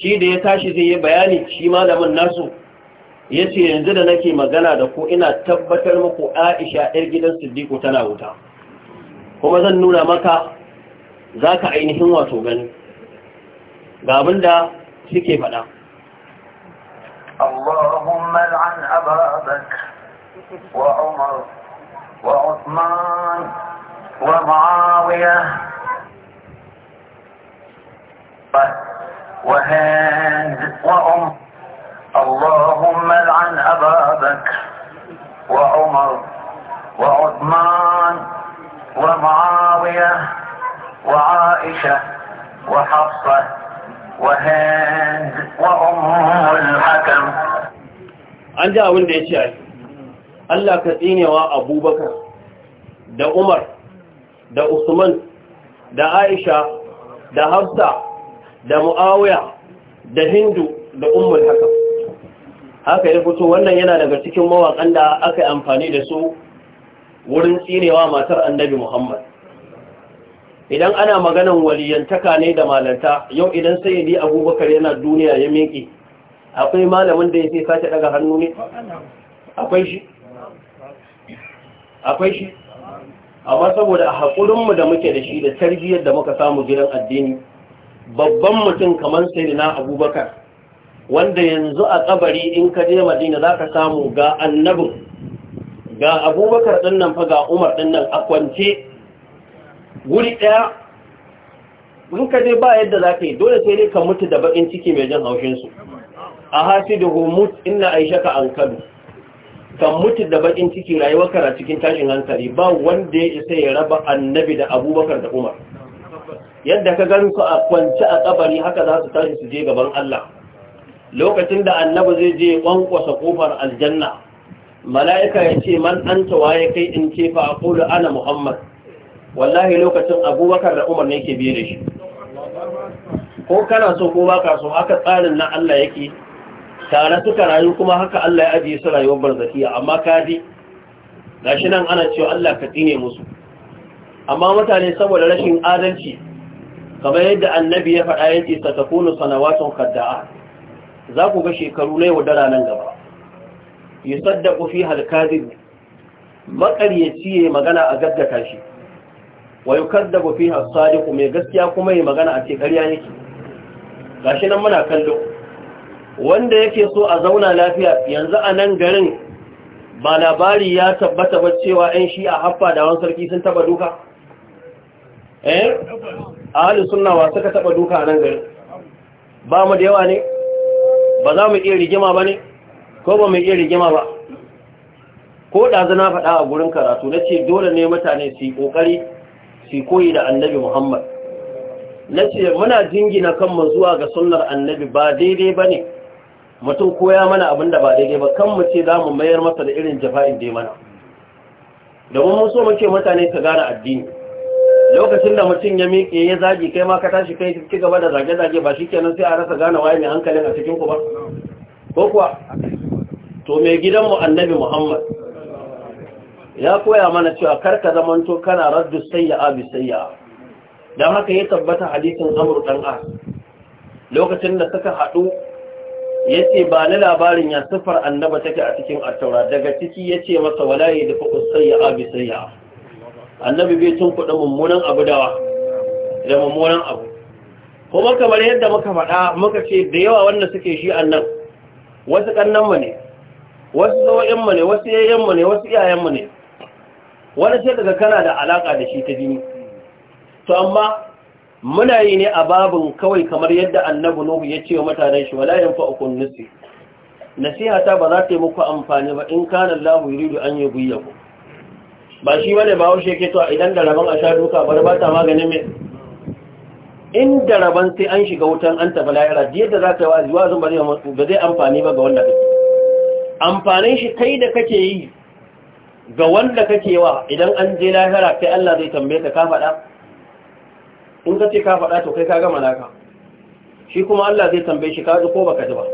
shi da ya tashi zai yi bayani shi malamin nasu ya ce yanzu da nake magana da ku ina tabbatar muku aisha ɗar gidan siddiƙo tana wuta kuma zan nuna maka za ka ainihin wato gani ga abin da suke faɗa اللهم لعن أبا بكر وعمر وعثمان ومعاوية وهان وأم اللهم العن أبا بكر وعمر وعثمان ومعاوية وعائشة وحفصة وهند وأم الحكم أن جاء وين بيشعر ألا كتيني وأبو بكر دا عمر دا عثمان دا عائشة دا حفصة da mu'awiya da hindu da ummul haka haka ya fito wannan yana daga cikin mawakan da aka yi amfani da su wurin tsinewa matar annabi muhammad idan ana maganan waliyantaka ne da malanta yau idan sai ni abubakar yana duniya ya miƙe akwai malamin da ya sai sace daga hannu ne akwai shi akwai shi amma saboda haƙurinmu da muke da shi da tarbiyyar da muka samu gidan addini babban mutum kamar sai na abubakar wanda yanzu a kabari in ka je madina za ka samu ga annabin ga abubakar ɗinnan fa ga umar ɗinnan a kwance wuri ɗaya in ka je ba yadda za ka yi dole sai ne ka mutu da baƙin ciki mai jan haushinsu a hasi da homut ina yi shaka an kadu ka mutu da baƙin ciki rayuwar kara cikin tashin hankali ba wanda ya isa ya raba annabi da abubakar da umar yadda ka gan su a kwanci a kabari haka za su tashi su je gaban Allah lokacin da annabi zai je kwankwasa kofar aljanna mala'ika ya ce man tawa ya kai in ce fa aqulu ana muhammad wallahi lokacin abubakar da umar ne ke biye da shi ko kana so ko baka so haka tsarin na Allah yake tare suka rayu kuma haka Allah ya ajiye su rayuwar barzakiya amma kadi gashi nan ana cewa Allah ka tsine musu amma mutane saboda rashin adalci kamar yadda annabi ya faɗa ya ce satakunu sanawatun kadda'a za ku ga shekaru na yaudara nan gaba yi saddaku fi halkazin makaryaci ya magana a gaggata shi wa yi kaddaku fi hassadiku mai gaskiya kuma ya magana a ce ƙarya yake gashi nan muna kallo wanda yake so a zauna lafiya yanzu a nan garin ba labari ya tabbata ba cewa 'yan shi a haffa da wani sarki sun taba duka eh ahalin sunna wa suka taba duka a nan gari ba mu da yawa ne ba za mu iya rigima ba ne ko ba mu iya rigima ba ko ɗazu na faɗa a gurin karatu na ce dole ne mutane su yi ƙoƙari su koyi da annabi muhammad na ce muna jingina kanmu zuwa ga sunnar annabi ba daidai ba ne mutum koya mana abin da ba daidai ba kan mu ce za mu mayar masa da irin jafa'in dai mana domin mun so muke mutane su gane addini lokacin da mutum ya miƙe ya zagi kai ma ka tashi kai ci gaba da zage-zage ba shi kenan sai a rasa gane waye mai hankalin a cikin ku ba ko kuwa to mai gidan mu annabi muhammad ya koya mana cewa kar karka zamanto kana raddu sayya'a bi sayya'a don haka ya tabbata hadisin amur dan a lokacin da suka haɗu ya ce ba ni labarin ya siffar annaba take a cikin attaura daga ciki ya ce masa walaye da faƙus sayya'a bi sayya'a annabi bai tun kuɗa mummunan abu dawa da mummunan abu kuma kamar yadda muka faɗa muka ce da yawa wanda suke shi annan wasu ƙannanmu ne wasu zo'inmu ne wasu yayyanmu ne wasu iyayenmu ne wani ce daga kana da alaƙa da shi ta jini to amma muna yi ne a babin kawai kamar yadda annabi nuhu ya ce wa mutanen shi wala ukun nasi nasiha ta ba za ta yi muku amfani ba in kana Allahu yuridu an yughyikum ba shi wane ba haushe ke to idan da rabon a sha duka bar ba ta maganin mai in da rabon sai an shiga wutan an tafi la'ira jiyar da za ka yi wa zuwa zuwa ba zai amfani ba ga wanda kake amfanin shi kai da kake yi ga wanda kake wa idan an je lahira kai Allah zai tambaye ka faɗa in ka ce ka faɗa to kai ka gama naka shi kuma Allah zai tambaye shi ka ji ko baka ji ba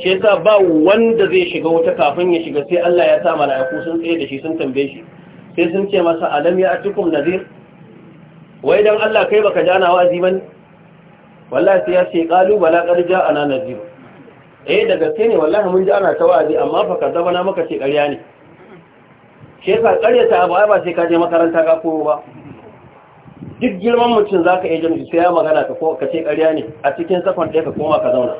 shi sa ba wanda zai shiga wuta kafin ya shiga sai Allah ya sa mala'iku sun tsaye da shi sun tambaye shi sai sun ce masa alam ya atikum nazir wai don Allah kai baka jana wa wa'azi wallahi sai ya ce qalu bala qad ana nazir eh da gaske ne wallahi mun ji ana ta wa'azi amma fa kazzaba na maka ce ƙarya ne Ke ka ƙarya ta abu ai ba sai ka je makaranta ka koyo ba duk girman mutum zaka iya jin sai ya magana ka ko ka ce ƙarya ne a cikin sakon ɗaya ka koma ka zauna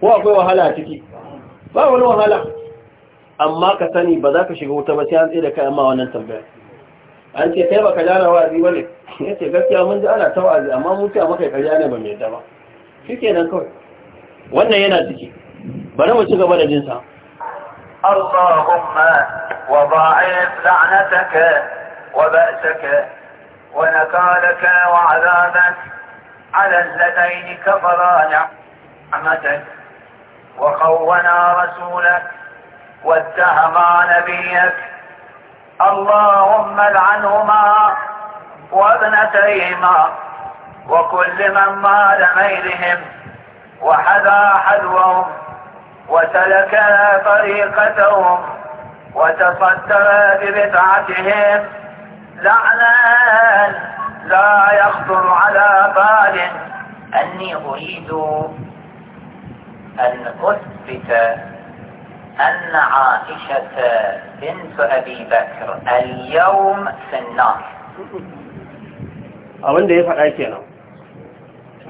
ko akwai wahala a ciki ba wani wahala amma ka sani ba za ka shiga wuta ba sai an tsaye da kai amma wannan tambaya an ce kai baka jana wa'azi bane ya ce gaskiya mun ji ana ta wa'azi amma mu ce maka karya ne ba mai yadda ba shikenan kawai wannan yana ciki bari mu ci gaba da jin sa اللهم وضاعف لعنتك وبأسك ونكالك وعذابك على الذين كفرا نعمتك وخونا رسولك واتهما نبيك اللهم العنهما وابنتيهما وكل من مال ميلهم وحذا حذوهم وسلك طريقتهم وتصدر ببدعتهم لعنا لا يخطر على بال اني اريد ان اثبت أن عائشة بنت أبي بكر اليوم في النار abin da ya faɗa kenan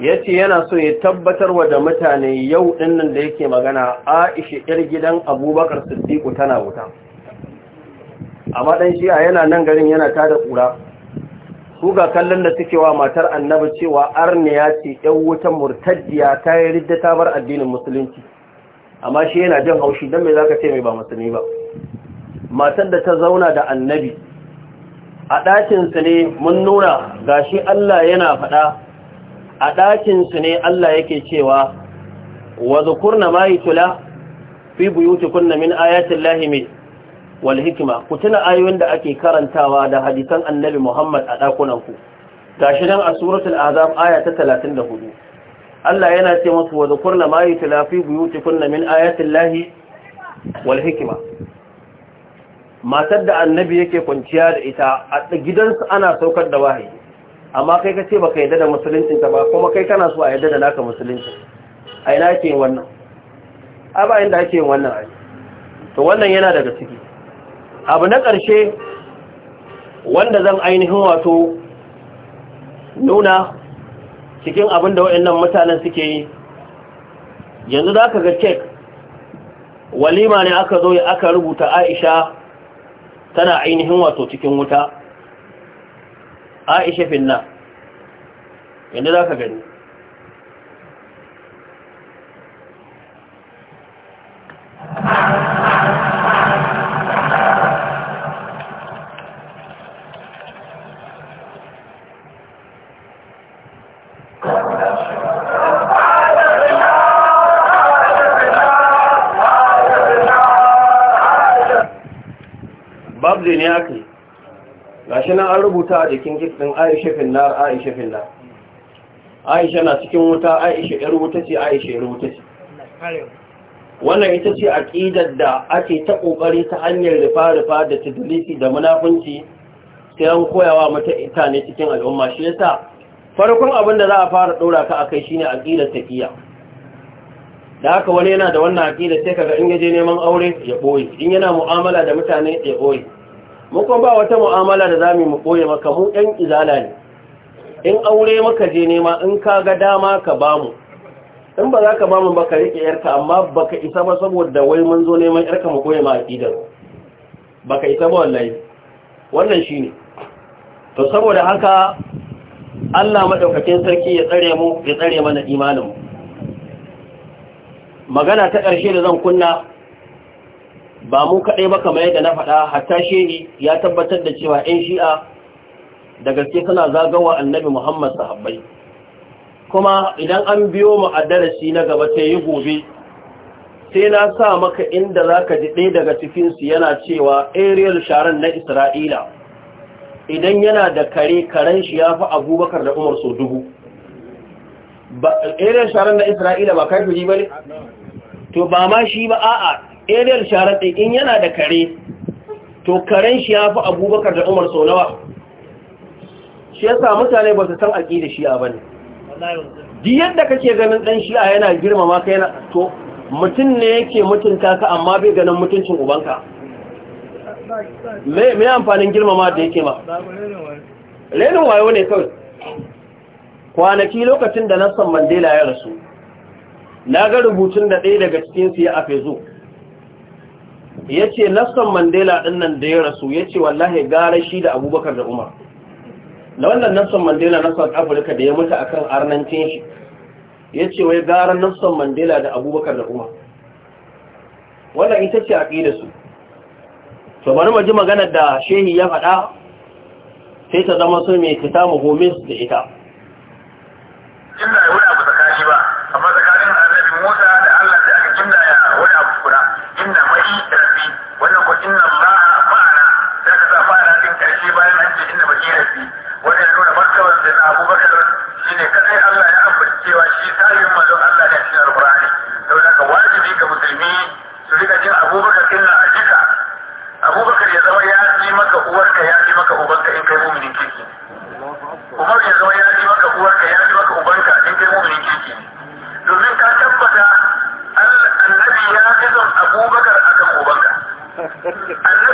ya ce yana so ya tabbatar wa da mutane yau ɗinnan da yake magana aisha 'yar gidan abubakar Siddiku tana wuta amma ɗan shi'a yana nan garin yana tada ƙura su ga kallon da suke wa matar annabi cewa arniya ce ƴan wutan murtaddiya ta yi ridda ta bar addinin musulunci amma shi yana jin haushi don mai za ka ce mai ba musulmi ba matar da ta zauna da annabi a ɗakinsu ne mun nuna ga shi Allah yana faɗa a ɗakinsu ne Allah yake cewa wa zukurna ma yi tula fi buyuti kunna min ayatun lahimi wal hikima ku tuna ayoyin da ake karantawa da hadisan annabi Muhammad a ɗakunanku ga shi nan a suratul azam aya ta 34 Allah yana ce masu wa "Kurna ma yutla fi buyutikunna min ayatun lahi wal hikima. matar da annabi yake kwanciya da ita a gidansu ana saukar da wahayi amma kai ka ce baka yadda da musuluncin ta ba kuma kai kana so a yadda da naka musulunci a ina ke yin wannan a ba inda ake yin wannan ai to wannan yana daga ciki abu na ƙarshe wanda zan ainihin wato nuna cikin abin da waɗannan mutanen suke yi yanzu za ka ga cek walima ne aka zo aka rubuta aisha tana ainihin wato cikin wuta aisha finna yanzu za ka gani nan an rubuta a jikin ɗin aisha finnar aisha finnar aisha na cikin wuta aisha ya rubuta ce aisha ya rubuta ce wannan ita ce aƙidar da ake ta ƙoƙari ta hanyar rufa-rufa da tidalisi da munafunci sai an koyawa mata ita ne cikin al'umma shi ya sa farkon abin da za a fara ɗora ka a kai shine aƙidar tafiya da haka wani yana da wannan aƙidar sai kaga in yaje neman aure ya ɓoye in yana mu'amala da mutane ya ɓoye mu ba wata mu'amala da zamu mu koye maka mu ɗan izala ne in aure maka je nema in ka ga dama ka bamu. mu in ba za ka ba mu ba ka rike yarka amma baka isa ba saboda wai mun zo neman yarka mu koye ma aƙidar baka isa ba wallahi wannan shi to saboda haka Allah maɗaukakin sarki ya tsare mu ya tsare mana mu. magana ta ƙarshe da zan kunna ba mu kaɗai ba kamar yadda na faɗa hatta shehi ya tabbatar da cewa 'yan shi'a da gaske suna zagawa annabi muhammad sahabbai kuma idan an biyo mu a darasi na gaba ta yi gobe sai na sa maka inda za ka ji ɗaya daga cikinsu yana cewa ariel sharon na isra'ila idan yana da kare karen shi ya fi abubakar da umar so dubu ariel sharon na isra'ila ba karfi ba ne to ba ma shi ba a'a ariyar sharaɗe in yana da kare to karen shi ya fi abubakar da umar sau nawa shi ya sa mutane ba su san aƙi da a ba ne di yadda kake ganin ɗan shi'a yana girmama ka yana to mutum ne yake mutunta ka amma bai ganin mutuncin ubanka me amfanin girmama da yake ma lenin wayo ne kawai kwanaki lokacin da nassan mandela ya rasu na ga rubutun da ɗaya daga cikinsu ya a facebook ya ce nassan mandela ɗinnan da ya rasu ya ce wallahi gara shi da abubakar da umar da wannan nassan mandela na south africa da ya mutu akan arnancin shi ya ce wai gara nassan mandela da abubakar da umar wannan ita ce aƙida su to bari mu ji maganar da shehi ya faɗa sai ta zama su mai kita muhimmin da ita ẹ̀ṣẹ̀ kan.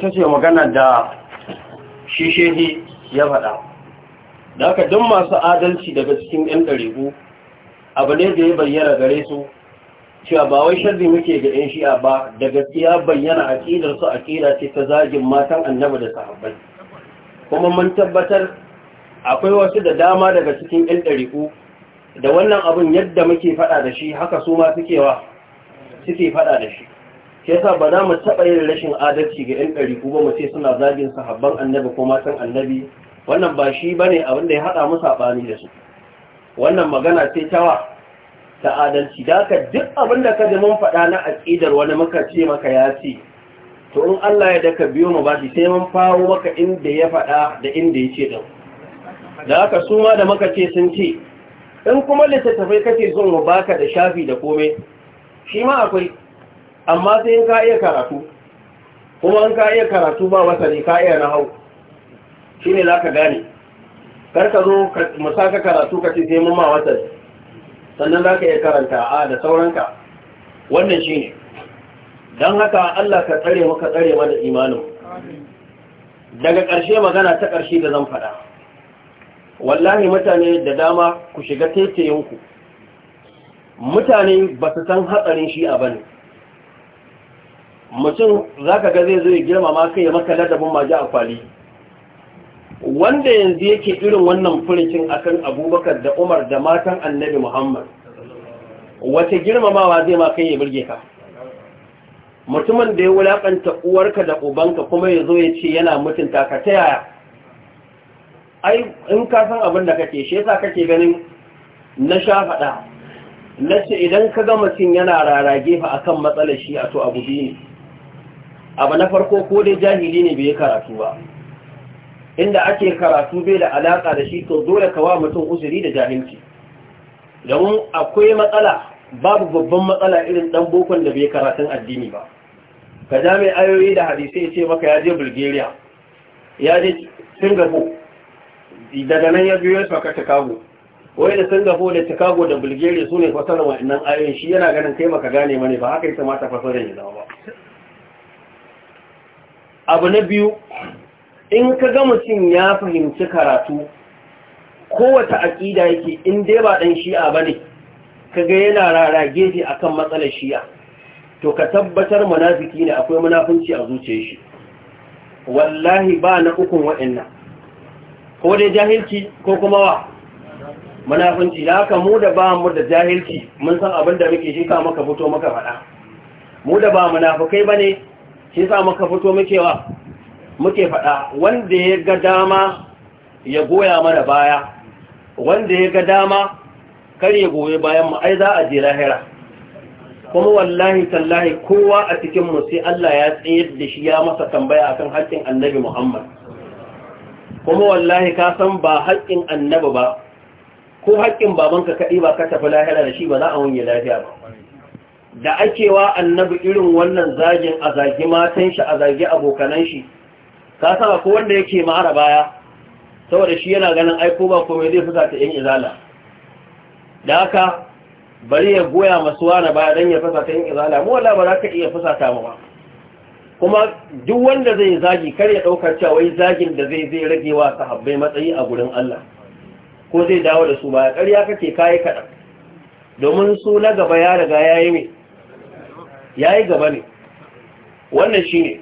ita ce magana da shi shehi ya faɗa da haka don masu adalci daga cikin 'yan ɗarigu abu ne da ya bayyana gare su cewa ba wai sharri muke ga 'yan shi'a ba da gaskiya bayyana a a aƙida ce ta zagin matan annaba da sahabbai kuma mun tabbatar akwai wasu da dama daga cikin 'yan ɗarigu da wannan abin yadda muke faɗa da shi haka su ma suke suke faɗa da shi ke sa ba za taɓa yin rashin adalci ga 'yan ɗari ba mu ce suna zagin sahabban annabi ko matan annabi wannan ba shi ba ne abin da ya haɗa masa saɓani da su wannan magana ce tawa ta adalci da ka duk abin da ka ji mun faɗa na aƙidar wani muka ce maka ya ce to in Allah ya daka biyo mu ba shi sai mun fawo maka inda ya faɗa da inda ya ce ɗin da aka su da muka ce sun ce in kuma littattafai kake zuwa mu baka da shafi da komai shi ma akwai amma sai in ka iya karatu kuma in ka iya karatu ba ne ka iya na hau shi ne za ka gane kar ka zo musaka karatu ka ce sai mamma ma sannan za ka iya karanta a da sauranka wannan shi ne don haka Allah ka tsare maka tsare mana imanin daga ƙarshe magana ta ƙarshe da zan faɗa wallahi mutane da dama ku shiga yanku. mutane ba su san hatsarin shi a bane mutum za ka ga zai zo ya girmama kai ya maka ladabin maji a kwali wanda yanzu yake irin wannan furincin akan abubakar da umar da matan annabi muhammad wace girmamawa zai ma kai ya birge ka mutumin da ya wulaƙanta uwarka da ubanka kuma ya zo ya ce yana mutunta ka ta yaya ai in ka san abin da kake shi yasa kake ganin na sha faɗa na ce idan ka ga mutum yana rarage fa akan matsalar shi a to abu biyu ne abu na farko ko dai jahili ne bai karatu ba inda ake karatu bai da alaka da shi to dole ka wa mutum uzuri da jahilci domin akwai matsala babu babban matsala irin dan bokon da bai karatun addini ba ka ja mai ayoyi da hadisi ce maka ya je bulgaria ya je singapore daga nan ya biyo ya saka chicago wai da singapore da chicago da bulgaria su ne fasarar wa'annan ayoyin shi yana ganin kai maka gane mane ba haka yi ta fasarar ya zama ba abu na biyu in ka ga mutum ya fahimci karatu kowace aƙida yake in dai ba ɗan shi'a ba ne ka ga yana rara gefe a kan matsalar shi'a to ka tabbatar munafiki ne akwai munafunci a zuce shi wallahi ba na ukun waɗannan ko dai jahilci ko kuma wa munafunci da haka mu da ba mu da jahilci mun san abin da muke shi ka maka fito maka faɗa mu da ba munafukai ba ne shi sa muka fito muke muke faɗa wanda ya ga dama ya goya mana baya wanda ya ga dama kar ya goye bayan mu ai za a je lahira kuma wallahi tallahi kowa a cikin mu sai Allah ya tsayar da shi ya masa tambaya akan haƙƙin Annabi Muhammad kuma wallahi ka san ba haƙƙin Annabi ba ko haƙƙin babanka kaɗai ba ka tafi lahira da shi ba za a wunye lafiya ba da ake wa annabi irin wannan zagin a zagi matan shi a zagi abokanan shi ka saba ko wanda yake mara baya saboda shi yana ganin aiko ba komai zai fusa ta yan izala da haka bari ya goya masu wani baya don ya fusa ta yan izala mu wala ba za ka iya fusa ta ba kuma duk wanda zai zagi kar ya ɗaukar cewa wai zagin da zai zai rage wa sahabbai matsayi a gurin Allah ko zai dawo da su baya ƙarya kake kai kaɗan domin su na gaba ya riga ya yi mai ya yi gaba ne wannan shi ne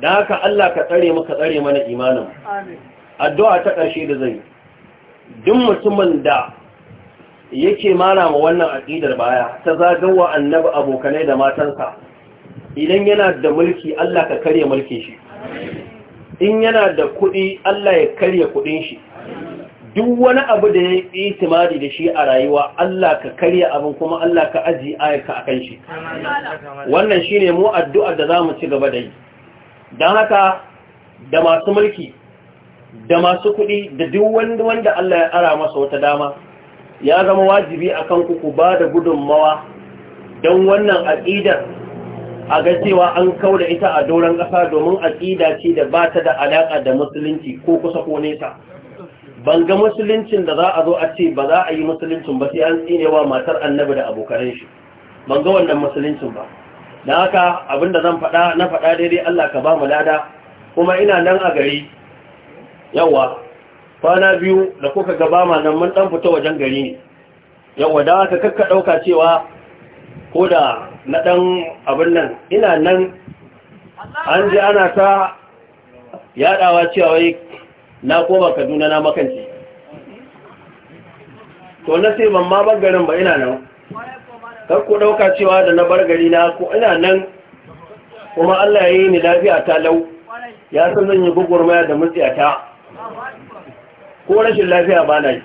don haka Allah ka tsare maka tsare mana imanin addu'a ta ƙarshe da zai duk mutumin da yake mara ma wannan aƙidar baya ta zagawa annabi abokanai da matansa idan yana da mulki Allah ka karya mulki shi in yana da kuɗi Allah ya karya kuɗin shi duk wani abu da ya yi timari da shi a rayuwa Allah ka karya abin kuma Allah ka aji ayyuka a kan shi wannan shine mu addu'ar da zamu ci gaba da yi don haka da masu mulki da masu kuɗi da duk wanda Allah ya ara masa wata dama ya zama wajibi a kan ku ba da gudunmawa don wannan aƙidar a ga cewa an kauda ita a doron ƙasa domin aƙida ce da ba ta da alaka da musulunci ko kusa ko nesa ban ga musuluncin da za a zo a ce ba za a yi musuluncin ba sai an tsinewa matar annabi da abokanin shi ban ga wannan musuluncin ba da haka abinda zan faɗa na faɗa daidai Allah ka ba mu lada kuma ina nan a gari yawa kwana biyu da kuka gaba ma nan mun dan fita wajen gari ne yawa da haka kakka ɗauka cewa ko da na ɗan abin nan ina nan an ji ana ta yaɗawa cewa wai na koma kaduna na makance to na sai ban ma bar garin ba ina nan kar ko ɗauka cewa da na bar gari na ko ina nan kuma Allah ya yi ni lafiya ta lau ya san zan yi gugurmaya da ta ko rashin lafiya ba na yi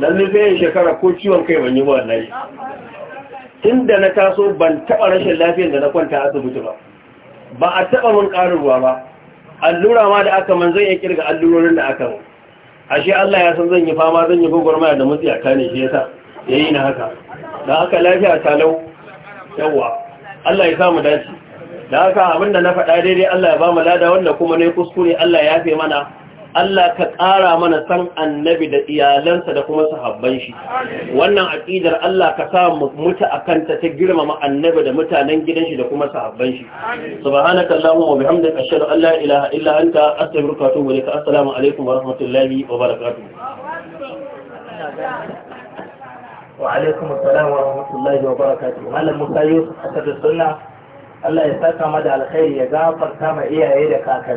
dan nufin shekara ko ciwon kai ban yi ba wallahi tun da na taso ban taɓa rashin lafiyar da na kwanta asibiti ba ba a taɓa mun ƙarin ruwa ba allura ma da aka man zan iya kirga allurorin da aka mu ashe Allah ya san zan yi fama zan yi gwagwarmaya da mutsi a kane shi yasa ya yi na haka da haka lafiya talau yawa Allah ya samu dace da haka abinda na faɗa daidai Allah ya ba mu lada wanda kuma ne kuskure Allah ya yafe mana Allah ka ƙara mana san annabi da iyalansa da kuma sahabban shi wannan aƙidar Allah ka sa mu mutu akan ta ta girmama annabi da mutanen gidan shi da kuma sahabban shi subhanaka allahumma wa bihamdika ashhadu an la ilaha illa anta astaghfiruka wa atubu ilaik assalamu alaikum wa rahmatullahi wa barakatuh wa alaikum assalam wa rahmatullahi wa barakatuh malam musa yusuf asadu sunna Allah ya saka mu da alkhairi ya gafarta ma iyaye da kakanni